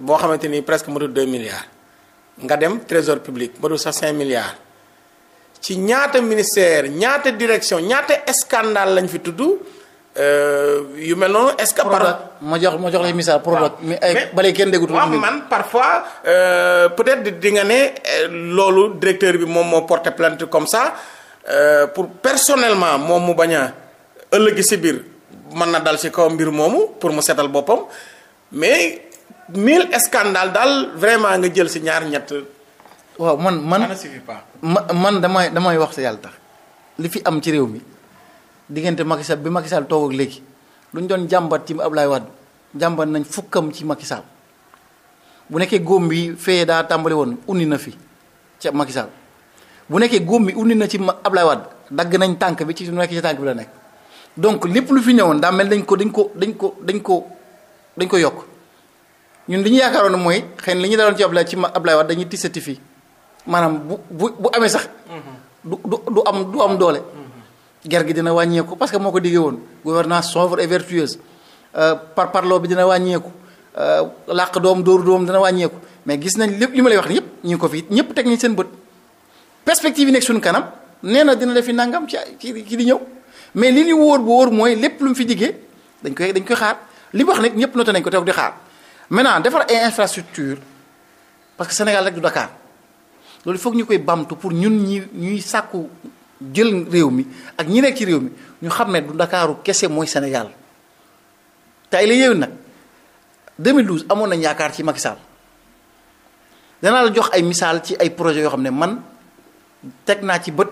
boo xamante ni presque mu tudd deux milliards. nga dem trésor public ba du sax 5 milliards ci ñaata ministère ñaata direction ñaata scandale lañ fi tudd euh, yu mel noonu. est-ce que par ma jox ma jox lay misaal Prodac. mais ay bale kenn déggutul. waaw man parfois euh, peut-être di nga ne euh, loolu directeur bi moom moo porté plainte comme ça pour personnellement moom mu bañ a ëllëg si biir mën na dal si kaw mbir moomu pour mu setal boppam mais. mille scandale daal vraiment nga jël si ñaar ñett. waaw man man man damay damay wax sa yàlla tax li fi am ci réew mi diggante Macky bi Macky Sall ak léegi lu doon jàmbat ci Abdoulaye jàmbat nañ fukkam ci Macky bu nekkee góom bi fee daa tàmbali woon unni na fi ca Macky bu nekkee góom bi undi na ci Abdoulaye Wade dagg nañ tànk bi ci lu nekk ci tànk bi la nekk donc lépp lu fi ñëwoon daa mel dañ ko dañ ko dañ ko dañ ko dañ ko yokk ñun li ñu yaakaaroon mooy xëy na li ñu daloon ci Ablaye ci Ablaye Wade dañuy tisati fii maanaam bu bu bu amee sax. du du am du am doole. ger gi dina wàññeeku parce que moo ko diggee woon gouvernance sobre et vertueuse euh, par parloo bi dina wàññeeku euh, làq doom dóoru doom dina wàññeeku mais gis nañ lépp li ma lay wax ni yëpp ñu ko fii ñëpp teg nañ seen bët perspective yi nekk suñu kanam nee na dina def fi nangam ci ci di ñëw mais li ñu wóor bu wóor mooy lépp lu mu fi diggee dañ koy dañ koy xaar li mu wax nag ñëpp noté nañ ko toog di xaar. maintenant defar ay infrastructure parce que Sénégal rek du Dakar loolu foog ñu koy bamtu pour ñun ñi ñuy sàkku jël réew mi ak ñi nekk ci réew mi ñu xam ne du Ndakaaru kese mooy Sénégal te ay la yéew nag 2012 amoon nañ yaakaar ci Macky Sall danaa la jox ay misaal ci ay projets yoo xam ne man teg naa ci bët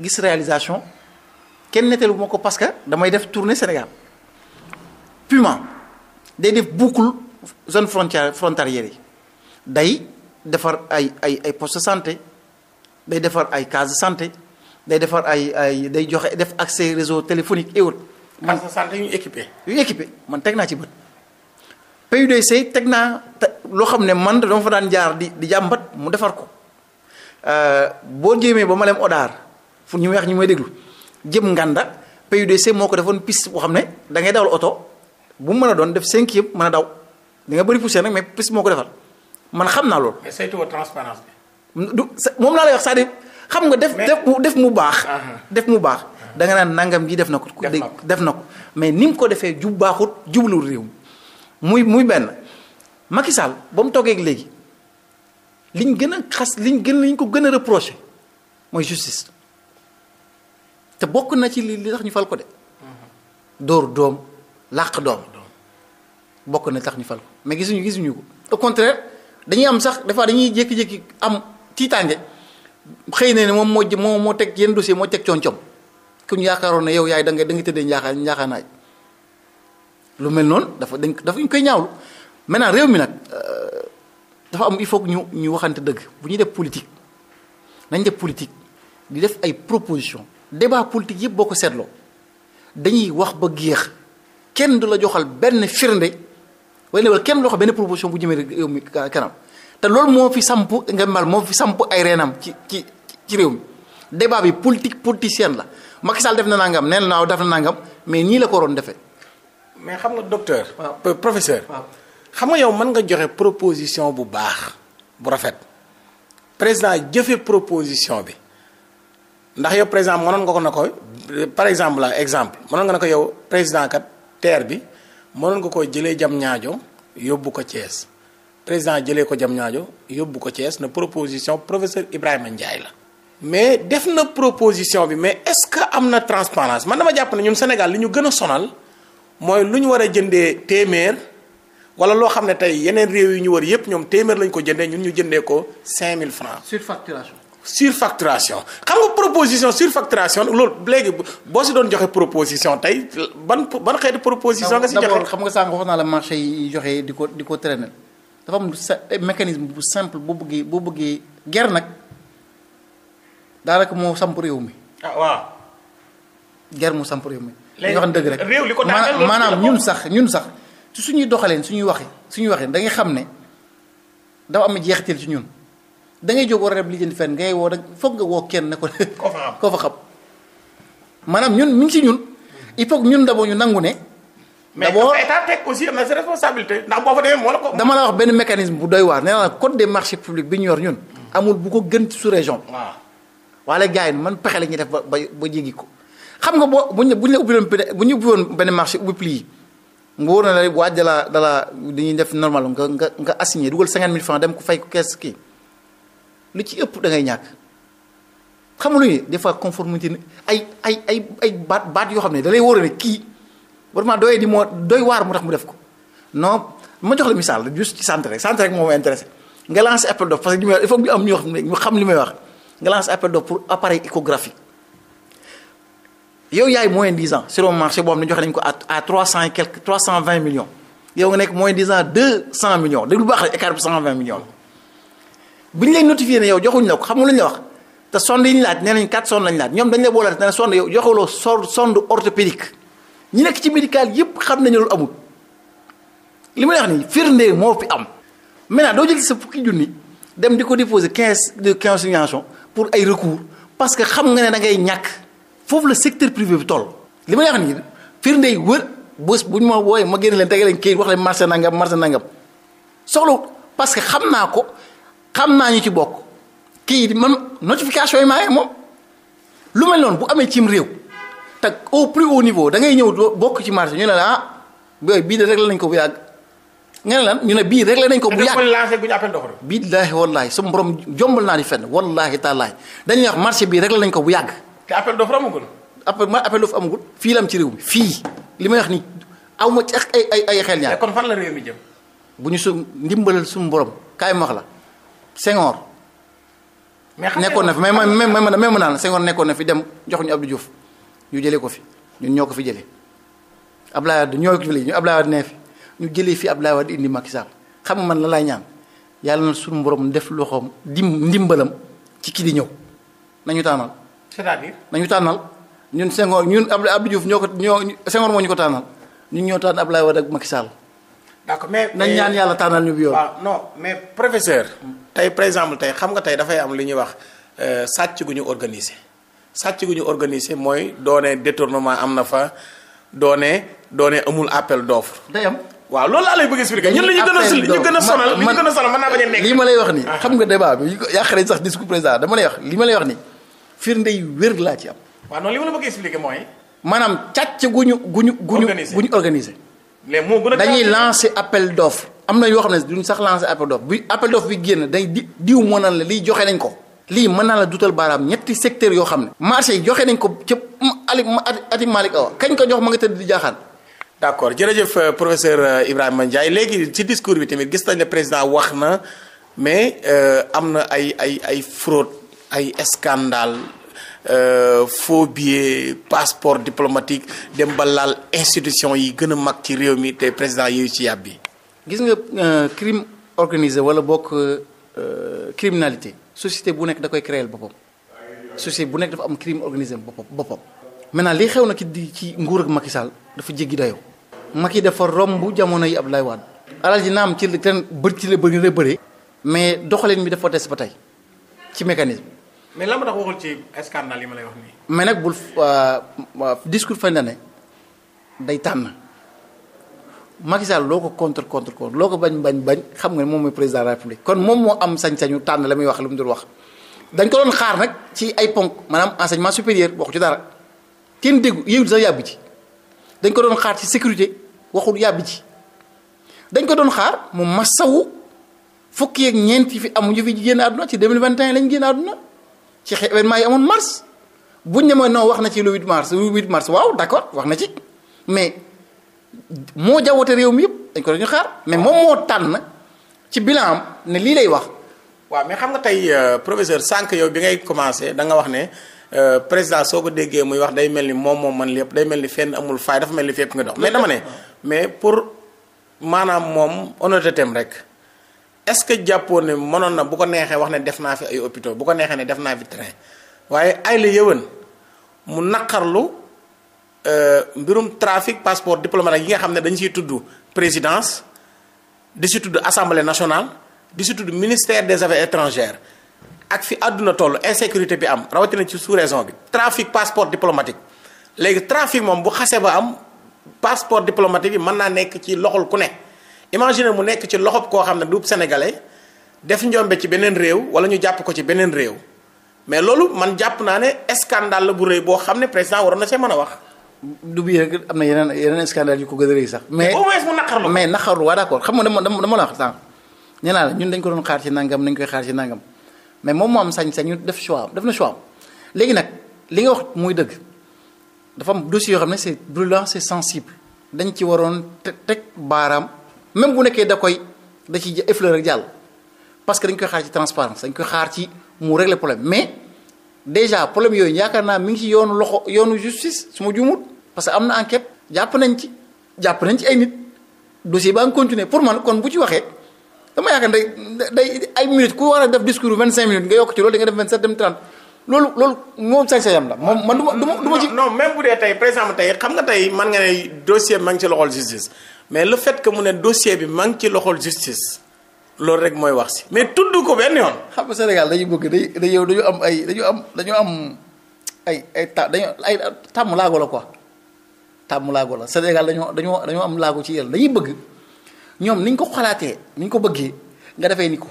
gis réalisation kenn nettalu ma ko parce que damay def tournée Sénégal Puma day def boucle. zone frontière frontalière yi day defar ay ay ay poste santé day defar ay case santé day defar ay day joxe def accès réseau téléphonique et autres. man case santé yu équipé. yu équipé man teg naa ci bët. PUDC teg naa loo xam ne man dama fa daan jaar di di jàmbat mu defar ko euh, boo jéemee ba ma leen odaar fu ñu wax ñu may déglu jëm nganda PUDC moo ko defoon piste boo xam ne da dawal oto bu mu a doon def 5 yëpp mën a daw. da nga bëri poussière nag mais piste moo ko defar man xam naa loolu. mais saytu woo transparence bi. du moom laa lay wax cest à xam nga def. def def mu baax. Ah, ah. def mu baax da nga naan nangam gi def na ko. def na ko mais ni mu ko defee jub baaxut jublu réew muy muy benn Macky ba mu toogee léegi liñ gën a xas liñ gën liñ ko gën a reproché mooy justice te bokk na ci li li tax ñu fal ko de. Mm-hmm. dóor doom làq doom bokk na tax ñu fal ko. mais gisuñu gisuñu ko au contraire dañuy am sax des dañuy jékki-jékki am tiitaange xëy na ne moom moo moo moo teg yenn dossier moo teg coom-coom ku ñu yaakaaroon ne yow yaay da nga da nga tëddee njaaxaa njaaxaanaay lu mel noon dafa dañ dafa ñu koy ñaawlu maintenant réew mi nag euh, dafa am il faut ñu ñu waxante dëgg bu ñuy def politique dañ def politique di def ay proposition débat politique yëpp boo ko seetloo dañuy wax ba géex kenn du la joxal benn firnde waaye newal kenn loo xam benn proposition bu jëmee réew mi kanam te loolu moo fi samp nga mal moo fi samp ay reenam ci ci ci réew mi débat bi politique politicienne la Macky Sall def na nangam neen naaw def na nangam mais nii la ko waroon defee. mais xam nga docteur. waaw euh, professeur. xam nga yow man nga joxe proposition bu baax bu rafet président jëfe proposition bi ndax yow président mënoon nga ko na ko par exemple exemple mënoon nga ne ko yow président kat terre bi. mënoon nga ko jëlee jam ñaajo yóbbu ko cees président jëlee ko jam ñaajo yóbbu ko cees na proposition professeur Ibrahima Ndiaye la. mais def na proposition bi mais est-ce que am na transparence man dama jàpp ne ñun Sénégal li ñu gën a sonal mooy lu ñu war a jëndee téeméer wala loo xam ne tey yeneen réew yi ñu war yépp ñoom téeméer lañ ko jëndee ñun ñu jëndee ko 5000 francs surfacturation surfacturation xam nga proposition surfacturation loolu léegi boo si doon joxe proposition tey ban ban xeetu proposition nga si joxe xam nga sànq wax naa la di ko di ko traîner dafa am mécanisme bu simple boo bëggee boo bëggee ger nag daanaka moo samp réew mi. Ah, waaw. ger moo samp réew mi. léegi dëgg rek réew li ko maanaam ñun sax ñun sax ci suñuy doxaleen suñuy waxi suñuy waxi da ngay xam ne dafa am jeexital ci ñun. da ngay jóg war a dem lijjanti fenn ngay woo rek foog nga woo kenn ne ko. koo ko koo fa xam maanaam ñun mi ngi si ñun. il faut que ñun d'abord ñu nangu ne. mais état teg aussi am na sa responsabilité ndax boo fa demee moo ko. dama la wax benn mécanisme bu doy waar nee naa code des marchés publics bi ñu yor ñun. amul bu ko gën ci sous région bi. waaw wala gars yi man pexe la ñuy def ba ba ba jéggi ko. xam nga boo buñ la buñ la ubbi woon bu ñu ubbi woon benn marché ubbi pli nga wóor na la waaj dala dala dañuy def normal nga nga nga assigné dugal cinquante mille francs dem ko fay ko kees kii. li ci ëpp da ngay ñàkk xamulu ni des fois conformité ne ay ay ay ay baat baat yoo xam ne da lay wóor kii vraiment doy di moo doy waar mu tax mu def ko non ma jox la misaal rek juste ci centre rek centre rek moo ma intéressé nga lancé appel d'offre parce que li il faut ñu am ñu xam li may wax nga lancé appel d'offre pour appareil échographique yow yaay moyen dix ans sur marché boo xam ne joxe nañu ko à trois cent et quelque trois cent vingt millions yow nga nekk moyen dix ans deux cent baax rek écart bi cent bu ñu lay notifié ne yow joxuñ la ko xam nga lu ñu la wax te sonde yi ñu laaj nee nañ quatre sonde lañ laaj ñoom dañ lay boolante ne sonde yow joxuloo sonde sonde orthopédique ñi nekk ci médical yépp xam nañu loolu amul li may wax nii firnde moo fi am maintenant doo jël sa fukki junni dem di ko déposer quinze de consignation pour ay recours parce que xam nga ne da ngay ñàkk foofu la secteur privé bi toll. li may wax nii firnde yi wër bu ñu ma wooyee ma génn leen tege leen kayit wax leen marché nangam marché nangam soxla parce que xam naa ko. xam naa ñu ci bokk kii man notification yi maaye moom lu mel noonu bu amee cim réew te au plus haut niveau dangay ngay ñëw bokk ci marché ñu ne la ah bii de réglé nañ ko bu yàgg nga ne ñu ne bii réglé nañ ko bu yàgg billaahi wallaahi su borom jombal naa di fenn wallaahi taalaahi dañuy wax marché bii réglé nañ ko bu yàgg te appel d'offre amagul appel ma appel d'offre amagul fii la am ci réew mi fii li may wax ni aw ma ci ay ay ay xel ñaar kon fan la réew mi jëm bu ñu su ndimbalal suñu borom kaay la Senghor. mais nekkoon na fi mais mooy même mooy man même naan Senghor nekkoon na fi dem jox ñu Abdou Diouf ñu jëlee ko fi ñun ñoo ko fi jëlee. Abdoulaye Wade ñoo ko ñu Abdoulaye Wade nee fi ñu jëlee fi Abdoulaye indi Macky Sall xam nga man la laay ñaan yàlla na suñu def loxoom dim ndimbalam ci kii di ñëw nañu tànnal. c'est-à-dire nañu tànnal ñun Senghor ñun Abdou Diouf ñoo ko ñoo Senghor moo ñu ko tànnal ñu ñoo tànn Abdoulaye war ak Macky Sall d'accord mais nañ ñaan yàlla tànnal ñu bi yoon. waaw non mais professeur. tey par exemple tey xam nga tey dafay am li ñuy wax euh, sàcc gu ñu organisé sàcc gu ñu organisé mooy doone détournement am na fa doone doone amul appel d'offre. day am loolu laa lay bëgg li a li ñu gën a sonal li a sonal mën ma lay wax nii ah. xam nga débat bi yàq nañ sax discours président dama lay wax li ma lay wax nii firnde yu wér laa ci am. waaw non li ma la bëgg expliquer mooy. maanaam càcc gu ñu gu ñu gu ñu ñu organisé mais moo gën dañuy lancer appel d'offre am na yoo xam ne duñ sax lancer appel d'offre bi appel d'offre bi génn dañ di diw moo naan la lii joxe nañ ko. lii mën naa la dutal baaraam ñetti secteur yoo xam ne. marché yi joxe nañ ko ca Ali Ati Malick Awa kañ ko jox ma nga tëdd di jaaxaan. d' accord jërëjëf euh, professeur euh, Ibrahima Ndiaye léegi ci discours bi tamit gis nañ ne président wax na mais euh, am na ay ay ay fraude ay scandale faux euh, billet passeport diplomatique dem ba laal institution yi gën a mag ci réew mi te président yooyu ci yàbb bi gis nga euh, crime organisé wala bokk euh, criminalité société bu nekk da koy créel boppam société bu nekk dafa am crime organisé boppam boppam maintenant li xew na ki di ci nguur ak Macky Sall dafa jéggi dayoo Macky dafa romb jamono yi Abdoulaye Wade alal ji naam ci ren bër ci la bëri bëree mais doxalin bi dafa des ba tey ci mécanisme mais lan ma waxul ci scandale yi ma lay wax nii. mais nag bul euh, discours fan la ne day tànn Macky Sall loo ko contre contre ko loo ko bañ bañ bañ xam nga ne moom mooy président de République kon moom moo am sañ-sañu tànn la muy wax lu mu dul wax. dañ ko doon xaar nag ci ay ponk maanaam enseignement supérieur waxu ci dara kenn déggu yéegul sax yàbbi ci dañ ko doon xaar ci sécurité waxul yàbbi ci dañ ko doon xaar mu masawu fukki ak ñeent yi fi amuñu fi génn àdduna ci 2021 lañ génn àdduna. ci événement yi amoon mars buñ ne ma wax na ci le 8 mars le 8 mars waaw d'accord wax na ci mais moo jawwate réew mi yëpp dañ ko dañu xaar mais moom moo tànn ci bilan am lii lay wax. waaw mais xam nga tey euh, professeur sànq yow bi ngay commencé da nga wax ne. Euh, président soo ko déggee muy wax day mel ni moom moom man lépp day mel ni fenn amul faay dafa mel ni fépp nga dox mais dama ne mais pour maanaam moom honnêteté am rek est-ce que jàppoo ne mënoon na bu ko neexee wax ne def naa fi ay hôpitaux bu ko neexee ne def naa fi train waaye ay la yëwan mu naqarlu euh, mbirum trafic passeport diplomatique yi nga xam ne dañu siy tudd présidence di si tudd assemblée national di si tudd ministère des affaires étrangères ak fi àdduna toll insécurité bi am rawatina ci sous-région bi trafic passeport diplomatique léegi trafic moom bu xase ba am passeport diplomatique bi mën naa nekk ci loxol ku ne imagine mu nekk ci loxob koo xam ne du sénégalais def njombe ci beneen réew wala ñu jàpp ko ci beneen réew mais loolu man jàpp naa ne scandale la bu rëy boo xam ne président waroon na see mën a wax. du bii rek am na yeneen yeneen scandale yu ko gën a rëy sax. mais au moins mu naqarlu ñun dañ ko doon xaar ci nangam dañ koy xaar ci nangam mais moom moo am sañ-sañu def choix def na choix léegi nag li nga wax muy dëgg dafa am dossier yoo xam ne c' est brûlant c' est sensible dañ ci waroon teg baaraam. même bu nekkee da koy da ci effleur rek jàll parce que dañ koy xaar ci transparence dañ koy xaar ci mu régler problème mais déjà problème yooyu yaakaar naa mi ngi ci yoonu loxo yoonu justice su ma juumut parce que am na enquête jàpp nañ ci jàpp nañ ci ay nit dossier baa ngi continuer pour man kon bu ci waxee dama yaakaar day day ay minutes ku war a def discours vingt cinq minutes nga yokk ci loolu da nga def vingt sept dem trente loolu loolu moom sañ-sañam la moom man du ma bu dee tey par tey xam nga tey mën nga ne dossier maa ngi ci loxol justice mais lu fet que mu ne dossier bi maa ngi ci loxol justice loolu rek mooy wax si mais tudd ko benn yoon. xam nga Sénégal dañu bëgg day day yow dañu am ay dañu am dañu am ay ay ta dañu ay tàmm laago la quoi tàmm laago la Sénégal dañoo dañoo dañoo am laago ci yéen dañuy bëgg ñoom niñ ko xalaatee niñ ko bëggee nga defee ni ko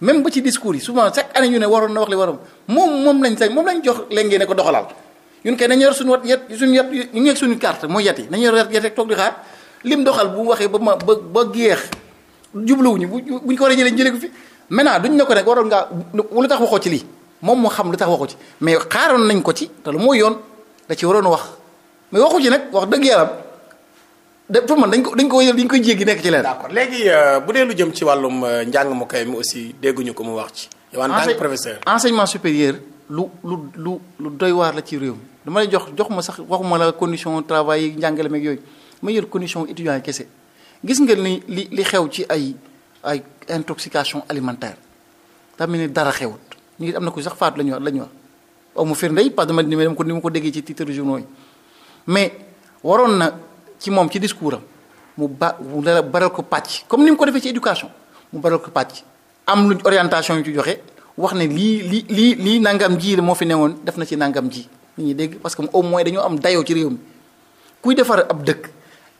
même ba ci discours yi souvent chaque année ñu ne waroon na wax li waroon moom moom lañ sañ moom lañ jox léegi ne ko doxalal. ñun kay nañu yor suñu wat yet suñu yet ñu ngeeg suñu carte mooy yet yi nañu yor yet rek toog di xaar lim doxal bu waxee ba ma ba ba géex jubluwuñu buñ ko war a jëlee jëlee ko fi maintenant duñ ne ko rek waroon ngaa lu tax waxoo ci lii moom moo xam lu tax waxu ci mais xaaroon nañ ko ci te lu mooy yoon da ci waroon wax mais waxu ci nag wax dëgg yaram de pour man dañ ko dañ ko dañ koy jéggi nekk ci leen d'accord léegi euh, bu dee lu jëm ci wàllum euh, njàng mu kay mi aussi dégguñu ko mu wax ci yow en tant que professeur enseignement supérieur lu lu lu lu doy waar la ci réew mi dama lay jox jox ma sax waxuma la condition travail yi njàngale meeg yooyu ma jël condition étudiant yi kese gis nga ni li li xew ci ay ay intoxication alimentaire daa mel ni dara xewut nit am na ko sax faatu la ñu wax la ñu wax aw ma firnde yi parce que dama ni ma ko ni ma ko déggee ci titre journaux yi mais waroon na ci moom ci discours am mu ba mu baral ko pàcc comme ni mu ko defee ci éducation mu baral ko pàcc am lu orientation yu ci joxe wax ne lii lii lii lii nangam ji la moo fi newoon def na ci nangam ji nit ñi dégg parce que au moins dañoo am dayoo ci réew mi kuy defar ab dëkk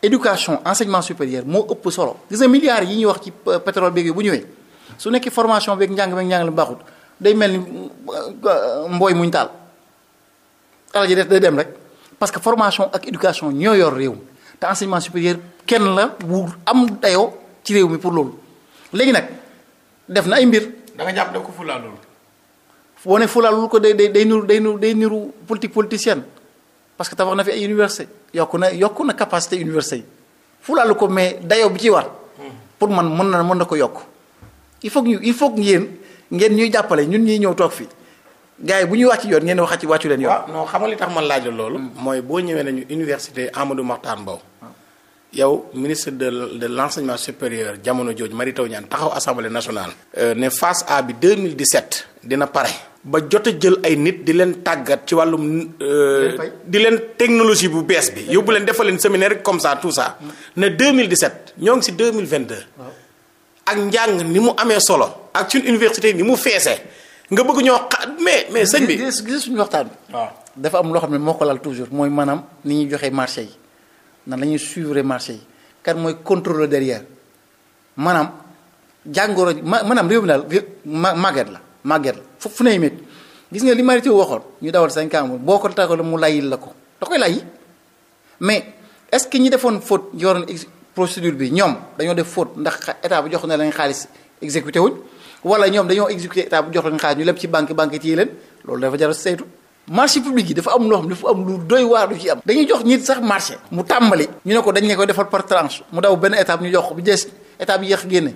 éducation enseignement supérieur moo ëpp solo gis nga milliards yi ñuy wax ci euh, pétrole beeg bu ñëwee su nekkee formation beeg njàng beeg njàng la baaxut day mel ni euh, mbooy muñ taal alal ji def day dem rek parce que formation ak éducation ñoo yor réew mi te enseignement supérieur kenn la bu am dayoo ci réew mi pour loolu léegi nag def na ay mbir. da nga ko fulaa loolu. wane fulaalul ko day day day niru day niru day niru politique politicienne parce que tabax na fi ay université yokku na yokk na capacité université yi fulaalu ko mais dayoo bi ci war pour man mën na mën na ko yokk il faut ñu il faut ngeen ngeen ñuy jàppale ñun ñuy ñëw toog fii gars yi bu ñuy wàcc yoon ngeen waxaat ci wàccu leen yoon. waaw ah, non xam nga li tax man laaj la loolu. Hmm. mooy boo ñëwee nañu université Amadou Mahtar Mbow. yow ministre de de l' enseignement supérieur jamono jooju Mary Teuw Niane taxaw assemblée nationale. Euh, ne phase A bi 2017 dina pare. ba jot a jël ay nit di leen tàggat ci wàllum. Euh, di leen technologie bu bees bi. yóbbu leen defal leen séminaire comme ça tout ça. Mm. ne 2017 ñoo ngi si 2022. ak njàng ni mu amee solo. ak ci université ni mu feesee. nga bëgg ñoo xa mais mais sëñ bi. gis suñu waxtaan bi. waaw dafa am loo xam ne moo ko lal toujours mooy maanaam ni ñuy joxe marché yi. nan la ñuy suivre marché yi kan mooy contrôle derrière maanaam jàngoro ma maanaam réew mi daal màgget la màgget la fu fu ne métt gis nga li marité waxoon ñu dawal cinq ans boo ko takkal mu layil la ko da koy lay mais est-ce que ñi defoon faute yoroon procédure bi ñoom dañoo def faute ndax état bu jox na leen xaalis exécuté wuñ wala ñoom dañoo exécuté état bu jox leen xaalis ñu leb ci banque banque yi leen loolu dafa jar saytu marché public yi dafa am loo xam dafa am lu doy waar lu ci am dañuy jox nit sax marché mu tàmbali ñu ne ko dañ ne koy defal par tranche mu daw benn étape ñu jox ko bu jees état bi yéex génne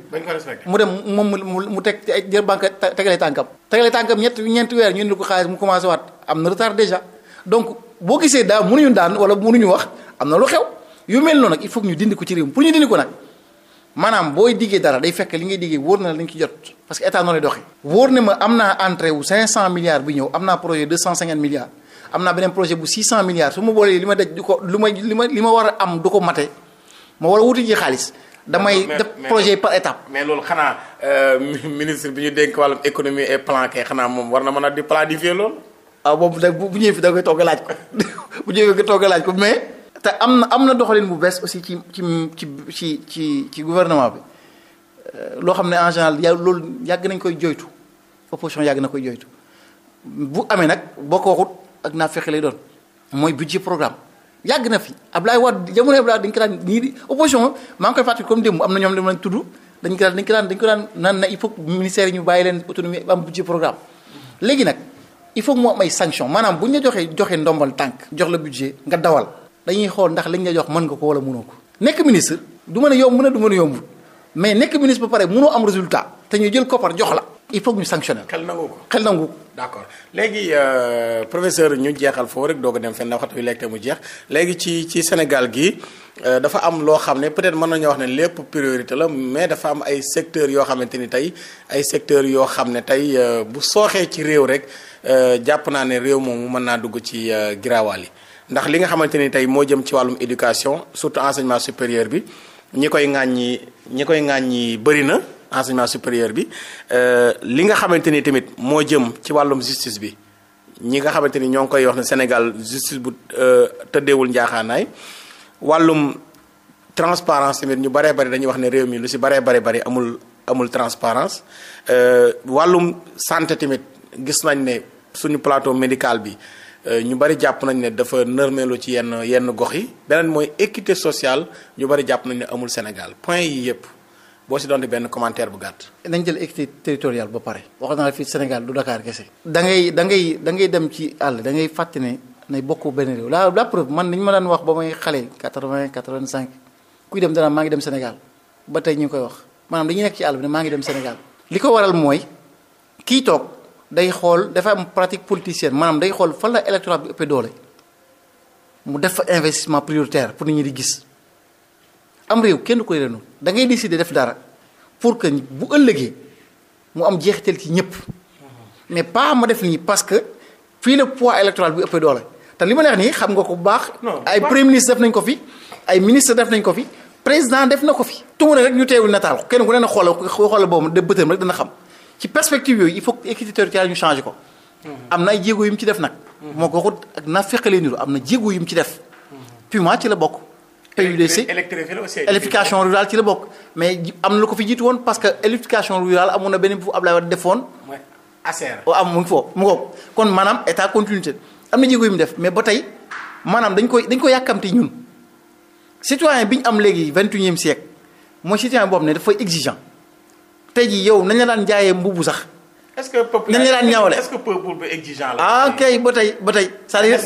mu dem moom mu mu teg jël banque tegale tànkam tegale tànkam ñett ñeenti weer ñu indi ko xaalis mu commencé waat am na retard déjà donc boo gisee daa mënuñu daan wala ñu wax am na lu xew yu mel noonu nag il faut que ñu dindi ko ci réew pour ñu dindi ko nag maanaam booy diggee dara day fekk li ngay diggee wóor na la ci jot parce que état noonu lay doxee. wóor na ma am naa entrée wu 500 milliards bi ñëw am naa projet 250 milliards am naa beneen projet bu 600 milliards su ma boolee li ma daj du ko lu ma li ma li ma war a am du ko mate ma war a wuti xaalis. damay def projet par étape. mais loolu xanaa euh, ministre bi ñu dénk wàllum économie et plan kay xanaa moom war na mën a di planifier loolu. ah boobu nag bu ñëwee fi da koy togg laaj ko bu ñëwee ko mais. te am na am na doxalin bu bees aussi ci ci ci ci ci ci gouvernement bi euh, loo xam ne en général yow loolu yàgg nañ koy joytu opposition yàgg na koy joytu bu amee nag boo ko waxut ak naa fexe lay doon mooy budget programme yàgg na fi Ablaye Wade jamono Ablaye dañ ko daan ñii di opposition maa ngi koy fàttali comme démb am na ñoom li ma leen tudd dañ ko daan naan na il faut que ministère yi ñu bàyyi leen autonomie am budget programme léegi nag il faut que mu am ay sanction maanaam bu ñu joxee joxee ndombal tànk jox la budget nga dawal dañuy xool ndax liñ nga jox mën nga ko wala mënoo ko nekk ministre du mën a yomb na du mën a yombul mais nekk ministre ba pare mënoo am résultat te ñu jël koppar jox la il faut ñu sanctionné xel nangu ko xel nangu ko d'accord léegi euh, professeur ñu jeexal foofu rek doog a dem fenn waxtu wi lekk te mu jeex léegi ci ci Sénégal gi euh, dafa am loo xam ne peut-être mën nañoo wax ne lépp priorité la mais dafa am ay secteurs yoo xamante ni tey ay secteurs yoo xam ne tey euh, bu sooxee ci réew rek jàpp naa ne réew moomu mën naa dugg ci giraawaal yi ndax li nga xamante ni tey moo jëm ci wàllum éducation surtout enseignement supérieur bi ñi koy ŋàññi ñi koy ŋàññi bëri na enseignement supérieur bi euh, li nga xamante ni tamit moo jëm ci wàllum justice bi ñi nga xamante ni ñoo ngi koy wax ne Sénégal justice bu euh, tëddeewul njaaxaanaay wàllum transparence tamit ñu baree bari dañuy wax ne réew mi lu si baree bari bari amul amul transparence euh, wàllum santé tamit gis nañ ne suñu plateau médical bi Euh, ñu bari jàpp nañ ne dafa nërmeelu ci yenn yenn gox yi beneen mooy équité sociale ñu bari jàpp nañ ne amul Sénégal point yi yëpp boo si doon doonte benn commentaire bu gàtt. nañ jël équité territoriale ba pare wax naa la fii Sénégal du Dakar kese. da ngay da ngay da ngay dem ci àll da ngay fàtte ne nay bokk benn réew la la preuve man ni ñu ma daan wax ba may xale 80 cinq kuy dem dana maa ngi dem Sénégal ba tey ñu koy wax maanaam dañuy nekk ci àll bi ne maa ngi dem Sénégal li ko waral mooy kii toog. day xool dafa am pratique politicienne maanaam day xool fan la électorat bi ëppee doole mu def fa investissement prioritaire pour nit ñu di gis am réew kenn koy renu da ngay décider def dara pour que bu ëllëgee mu am jeexital ci ñëpp mais pas def nii parce que fii la poids électoral bi ëppee doole te li ma neex nii xam nga ko bu baax. ay premier ministre def nañ ko fi ay ministre def nañ ko fi président def na ko fi. tuuma rek ñu teewul nataal kenn ku ne xoolal ku bëtëm rek dana xam. ci perspective yooyu il faut que équité territoriale ñu changé ko. Mhm. am na ay jéego yu mu ci def nag. Mhm. moo ko waxut ak na fekkalee niru am na jéego yu mu ci def. Mhm. purement ci la bokk. PUDC électrification rurale ci la bokk mais am na lu ko fi jiitu woon parce que électrification rurale amoon na benn bu Abdoulaye Wade defoon. mooy ACR. Oh, am mu ngi foofu mu ngoog kon maanaam état continuité am na jéego yu mu def mais ba tey maanaam dañ koy dañ ko yàkkamte ñun citoyen bi ñu am léegi vingt et unième siècle mooy citoyen boo xam ne dafay exigeant. tey jii yow nañ la daan jaayee mbubu sax. est-ce que peuple nañ la daan ñawale est-ce que peuple bu exigeant la. ah ok ba tey ba tey. c'est-à-dire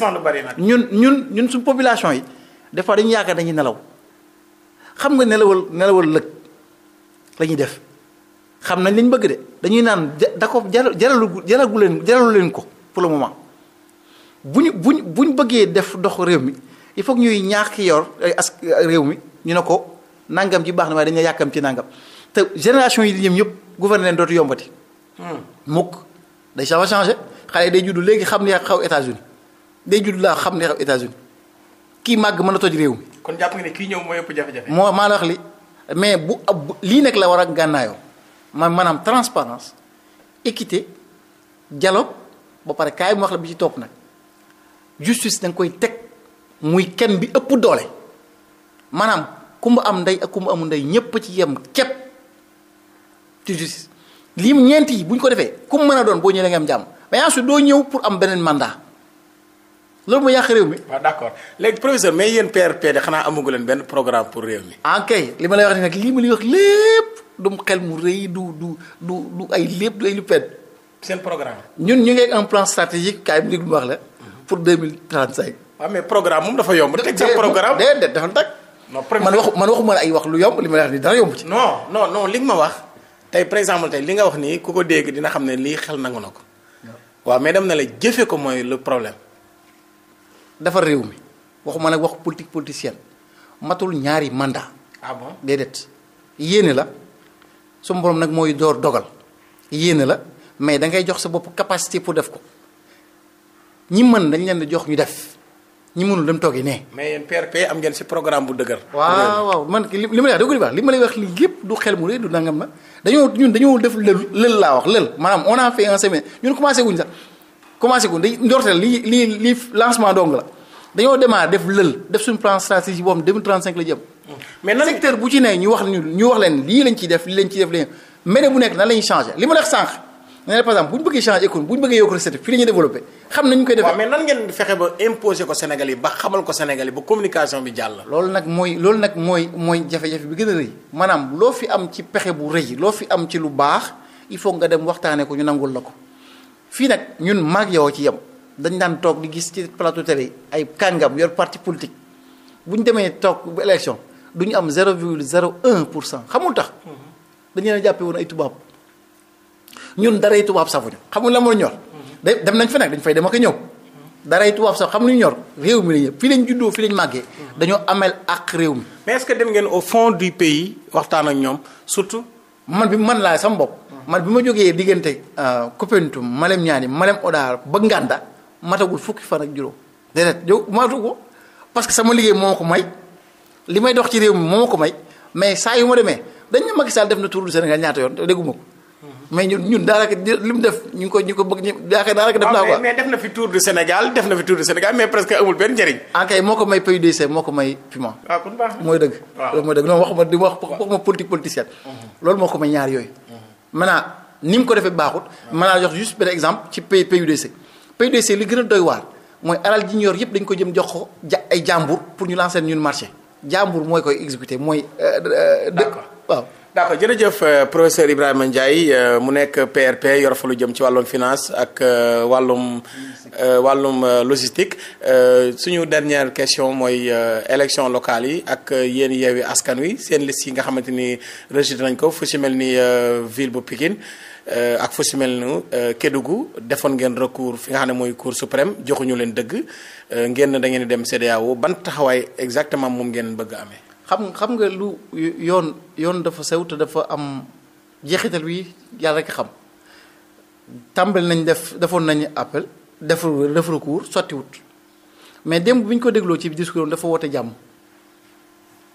ñun ñun ñun su population yi des fois dañu yaakaar dañuy nelaw xam nga nelawal nelawal lëg la def xam nañ li bëgg de dañuy naan da ko jaralu jaragu leen jaralu leen ko pour le moment bu ñu bëggee def dox réew mi il faut ñuy ñaax ki yor réew mi ñu ne ko nangam ci baax na waaye dañuy yàkkam ci nangam. te génération yi di ñëm ñëpp gouverner dootu yombati. Hmm. mukk day sax changé xale yi day judd léegi xam ne xaw États-Unis day judd laa xam ne xaw États-Unis kii màgg mën a toj réew mi. kon jàpp nga ne kii ñëw moo yëpp jafe-jafe. moo maa la wax li mais bu ab lii nekk la war a gànnaayoo man maanaam transparence équité dialogue ba pare kaay mu wax la bi ci topp nag justice da koy teg muy kenn bi ëpp doole maanaam ku am ndey ak ku mu amul ndey ñëpp ci yem képp. ci justice lii ñeent yi bu ñu ko defee ku mu a doon boo ñëwee nga am jàmm mais ensuite doo ñëw pour am beneen mandat loolu mooy yàq réew mi. waaw d' accord léegi professeur mais yéen PRP de xanaa amagu leen benn programme pour réew mi. en ah, kay li ma lay wax nii nag lii ma lay wax xel mu rëy du du du du ay lépp du lu seen programme. ñun ñu ngi un plan stratégique kaay bi mu wax la. pour deux mille trente cinq. waaw mais programme moom dafa yomb. teg seen programme déedéet dafa tag. wax lu yomb li ma lay wax nii dara yomb ci. non non non li wax. tey par exemple tey li nga wax nii ku ko dégg dina xam ne lii xel nangu na ko waaw mais dem na la jëfe ko mooy le problème defar réew mi waxuma nag wax politique politicienne matul ñaari mandat ah bon déedéet yéene la su borom nag mooy door dogal yéene la mais da ngay jox sa bopp capacité pour def ko ñi mën dañ leen di jox ñu def ñu mënul dem toogee ne. mais yéen PRP am ngeen ci programme bu dëgër. waaw waaw man li ma lay wax dëgg baax li ma lay wax li yëpp du xel mu rëy du nangam na dañoo ñun dañoo def lël lël laa a fait un la dañoo démarré def lël def suñu plan stratégie boo xam 2035 la jëm. mais nan secteur bu ci ne ñu wax ñu ñu wax leen lii lañ ciy def lii lañ ciy def léegi mbéy bu nekk nan la ñuy changé li ma la wax sànq. ne par exemple bu ñu bëggee changer économie bu ñu bëggee yokk recette fii la ñuy xam nañu koy defee mais nan ngeen fexe ba imposer ko Sénégal yi ba xamal ko Sénégal yi ba communication bi jàll loolu nag mooy loolu nag mooy mooy jafe-jafe bi gën a rëy maanaam loo fi am ci pexe bu rëy loo fi am ci lu baax il faut nga dem waxtaanee ko ñu nangul la ko fii nag ñun maag yow ci yem dañ daan toog di gis ci plateau télé ay kàngam yor parti politique bu ñu demee toog bu élection du ñu am 0,01 pour cent xamul tax mhm. dañu leen ñun daray tubaab safuñu xamul la moo ñor. dem nañ fa nag dañ fay dem ak ñëw. daray tubaab sax xam lu ñor réew mi la juddoo fii lañ màggee. dañoo amel ak réew mi. mais est que dem ngeen au fond du pays waxtaan ak ñoom surtout. man bi man laa sama bopp. man bi ma jógee diggante euh, Koupentoum Malem Niani Malem Odar ba Nganda matagul fukki fan ak juróom déedéet yow matu ko parce que sama liggéey moo ko may li may dox ci réew mi moo ko may mais saa yu ma demee dañ ne Macky Sall def na tour du Sénégal ñaata yoon te dégguma ko. mais ñun ñun daanaka li mu def ñu ko ñu ko bëgg ñu yaakaar daanaka def ah, mais def na fi tour du Sénégal def na fi tour du Sénégal mais presque amul benn njëriñ. en ah, moo ko may PUDC moo ko may Puma. Ah, waaw kon baax mooy dëgg. waaw loolu mooy mhm. jox juste benn exemple P PUDC. PUDC li alal ji ñu yëpp dañ ko jëm jox ko ja ay jàmbur pour ñu lancer ñun marché jàmbur mooy koy exécuter mooy. Euh, euh, d'accord waaw. d'accord jërëjëf euh, professeur Ibrahima Ndiaye euh, mu nekk PRP yor lu jëm ci wàllum finance ak euh, wàllum wàllum logistique suñu dernière question mooy élection locale yi ak yéen yeewi askan wi seen liste yi nga xamante ni rejeté nañ ko fu si mel ni ville bu Pikine ak fu si mel ni Kédougou defoon ngeen recours fi nga xam ne mooy cour suprême joxuñu leen dëgg ngeen da ngeen di dem CEDEAO ban taxawaay exactement moom ngeen bëgg amee. xam xam nga lu yoon yoon dafa sew te dafa am jeexital bi yàlla rek xam tàmbali nañ def defoon nañu appel def def recours sottiwut mais démb bi ñu ko dégloo ci discours dafa woote jàmm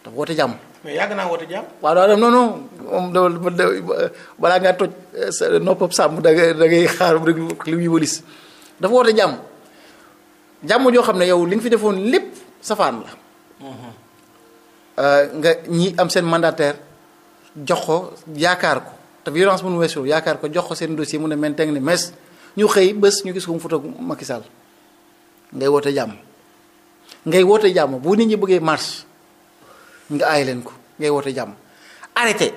dafa woote jàmm. mais yàgg naa woote jàmm. waaw daal non non moom da ngaa toj eh, sa noppam sàmm da xaar rek li muy dafa woote jàmm jàmm joo xam ne yow li nga fi defoon lépp safaan la. Mm-hmm. Euh, nga ñi am seen mandataire jox ko yaakaar ko te violence mënu weesu yaakaar ko jox ko seen dossier mu ne men teg ne mes ñu xëy bés ñu gis ko mu foto Macky Sall ngay woote jàmm ngay woote jàmm bu nit ñi bëggee marche nga aay leen ko ngay woote jàmm arrêté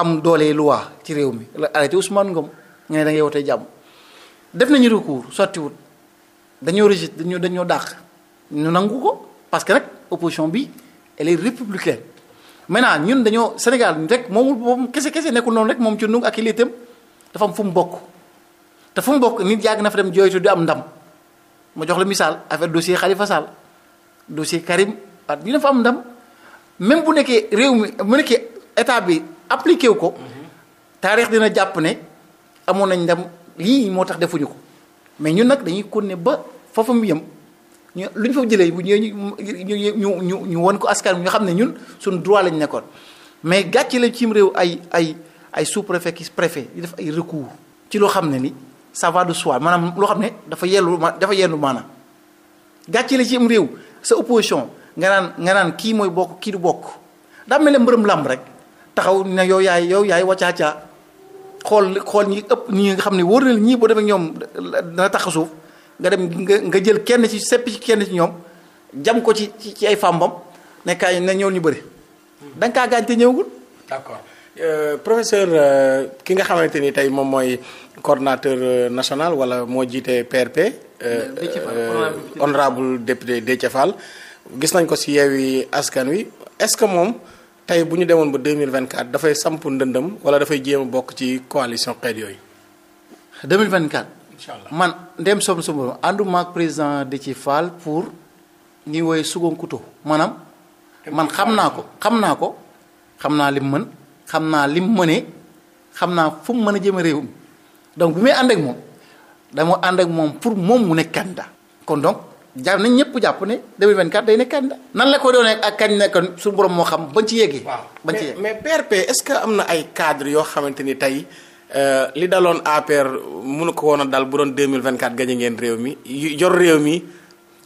am doole loi ci réew mi la arrêté Ousmane Ngom nga ne da ngay woote jàmm def nañu recours sottiwut dañoo rejeté dañoo dañoo dàq ñu nangu ko parce que nag opposition bi elle est républicaine ñun dañoo Sénégal rek moomul moom kese kese nekkul noonu rek moom ci nu ak i liitam dafa fu mu bokk te fu mu bokk yàgg na dem jooytu di am ndam ma jox la misaal affaire dossier Khalifa Sall dossier Karim parce ñu dafa am ndam même bu nekkee réew mi mu nekkee état bi appliqué wu ko taarix dina jàpp ne amoon nañ ndam lii moo tax defuñu ko mais ñun nag dañuy ne ba foofu mu yem. ñu lu ñu fa jëlee bu ñëwee ñu ñu ñu ñu won ko askan ñu xam ne ñun suñu droit lañ nekkoon mais gàcce la cim réew ay ay ay sous préfet ki préfet yi def ay recours ci loo xam ne ni ça va de soi maanaam loo xam ne dafa yellu dafa yendu maanaam gàcce la cim réew sa opposition nga naan nga naan kii mooy bokk kii du bokk daa mel ne mbërëm làmb rek taxaw na yow yaay yow yaay wàccaacaa xool xool ñi ëpp ñi nga xam ne wóor na ñii boo demee ñoom dana tax suuf nga dem nga nga jël kenn ci sepp ci kenn ci ñoom jam ko ci ci ay fàmbam ne kaay ne ñëw ñu bëri hmm. da nga kaa gaañ te ñëwagul. d'accord euh, professeur euh, ki nga xamante ni tey moom mooy coordonnateur euh, national wala moo jiite PRP. honorable député Déthié Fall gis nañ ko si Yewwi Askan Wi est-ce que moom tey bu ñu demoon ba 2024 dafay samp ndëndëm wala dafay jéem a bokk ci coalition xeet yooyu. 2024. inshallah man ndem som sama borom ànduma ak président Déthié Fall pour ñuy woowee Sougounkouto maanaam. man xam naa ko xam naa ko xam naa lim mën xam naa lim mënee xam naa fu mu mën a jëme réew mi donc bi may ànd ak moom dama ànd ak moom pour moom mu nekk candidat kon donc jàpp nañ ñëpp jàpp ne 2024 day nekk candidat nan la ko doon ak kañ nekkoon suñu borom moo xam bañ ci yeggee. bañ ci yeggee mais PRP est que am na ay cadres yoo xamante ni tey. Euh, li daloon APR mënu ko woon a dal bu doon 2024 gañe ngeen réew mi yor réew mi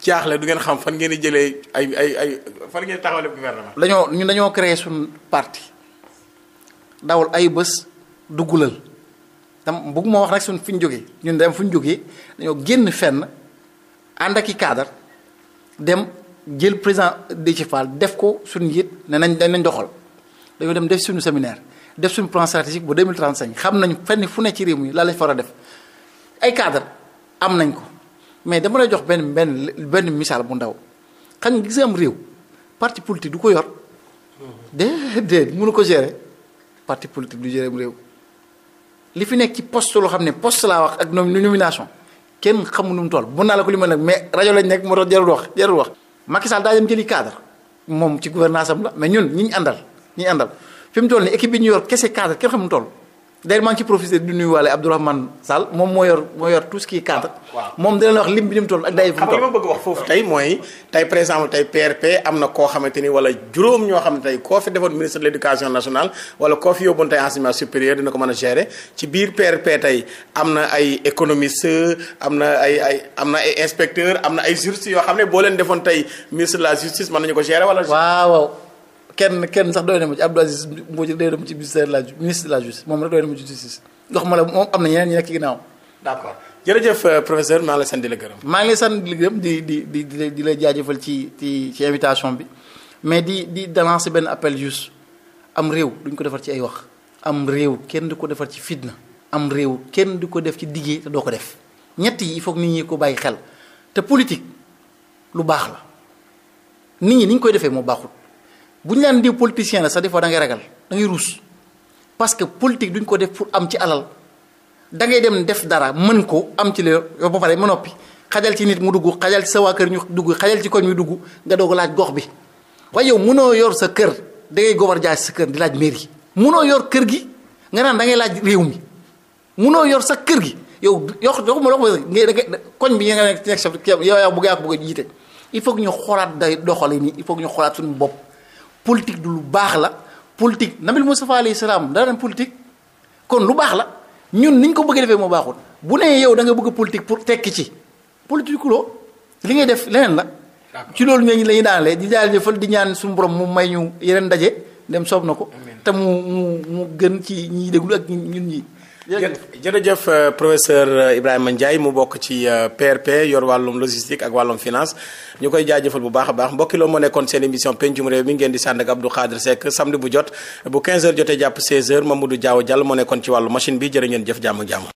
jaaxle du ngeen xam fan ngeen di jëlee ay ay ay fan ngeen taxawale gouvernement. dañoo ñun dañoo créer suñu parti dawul ay bés duggulal tam bëgg moo wax rek suñ fu ñu jógee ñun dem fu ñu jógee dañoo génn fenn ànd ak i cadre dem jël président Déthié Fall def ko suñ yit ne nañ dañ doxal dañoo dem def suñu séminaire. def suñu plan stratégique bu 2035 xam nañ fenn fu ne ci réew mi la lañ fa war a def ay cadre am nañ ko mais dama lay jox benn benn benn misaal bu ndaw xam nga réew parti politique du ko yor. déedéet mënu ko gérer parti politique du gérer réew. li fi nekk ci poste loo xam ne post laa wax ak nomination kenn xamu nu mu toll mën naa la ko limal nag mais rajo lañ nekk moo tax jarul wax jarul wax. Macky Sall daa dem jëli cadre moom ci gouvernance am la mais ñun ñi ñu àndal ñi àndal. fi mu toll nii équipe bi ñu yor kese cadre kenn xamul toll d'ailleurs maa ngi ci profité di nuyuwaale Abdourahmane Sall moom moo yor moo yor tout ce qui est cadre. waaw moom dina la wax lim bi ni mu toll ak day. fu mu toll xam nga li ma bëgg wax foofu tey mooy tey par exemple tey PRP am na koo xamante ni wala juróom ñoo xam ne tey koo fi defoon ministre de l' éducation nationale wala koo fi yóbboon tey enseignement supérieur dina ko mën a gérer ci biir PRP tey am na ay économiste am na ay ay am na ay inspecteur am na ay juriste yoo xam ne boo leen defoon tey ministre de la justice mën nañu ko gérer wala. waaw waaw. kenn kenn sax doy na ma ci Abdou Aziz Mbodj doy ci ministère de la ministre la justice moom rek doy na ma ci justice ndox ma la moom am na ñeneen ñu nekk ci ginnaaw. d'accord jërëjëf euh, professeur maa ngi lay sant di la gërëm. maa ngi lay sant di di di di di di la jaajëfal ci ci ci invitation bi mais di di lancer benn appel juste am réew duñ ko defar ci ay wax. am réew kenn du ko defar ci fitna. am réew kenn du ko def ci diggee te doo ko def ñett yi il faut nit ñi ko bàyyi xel te politique lu baax la nit ñi ni ñu defee moo baaxul. bu ñu leen di politicien la sa des fois da ngay ragal da ngay ruus parce que politique duñ ko def pour am ci alal da ngay dem def dara mën ko am ci la yow ba pare ma noppi xajal ci nit mu dugg xajal ci sa waa kër ñu dugg xajal ci koñ ñu dugg nga doog laaj gox bi waaye yow mënoo yor sa kër da ngay gobar jaay sa kër di laaj mairie mënoo yor kër gi nga naan da ngay laaj réew mi mënoo yor sa kër gi yow yokk yokk ma bi nga nekk ci nekk chef yow yaa bëgg yaa a jiite il faut ñu xoolaat day doxale nii il faut que ñu xoolaat suñu bopp politique du lu baax la politique nabil Moustapha alayhi salaam daa daan politique kon lu baax la ñun niñ ko bëgg defee moo baaxul bu nee yow da nga bëgg politique pour tekki ci politique loo li ngay def leneen la. ci loolu ñooñu la ñuy daanalee di daal jëfal di ñaan suñu borom mu may ñu yeneen ndaje dem soob na ko. te mu mu mu gën ci ñiy déglu ak ñun ñi. jërëjëf euh, professeur euh, Ibrahima Ndiaye mu bokk ci PRP euh, yor wàllum logistique ak wàllum finance ñu koy jaajëfal bu baax a baax mbokki loo moo nekkoon seen émission pencum réew mi ngeen di sànd ak Abdou Khadre Seck samedi bu jot bu 15 jotee jàpp 16h Mamadou Diaw Diallo moo nekkoon ci wàllu machine bi jërë ngeen jëf jàmm jàmm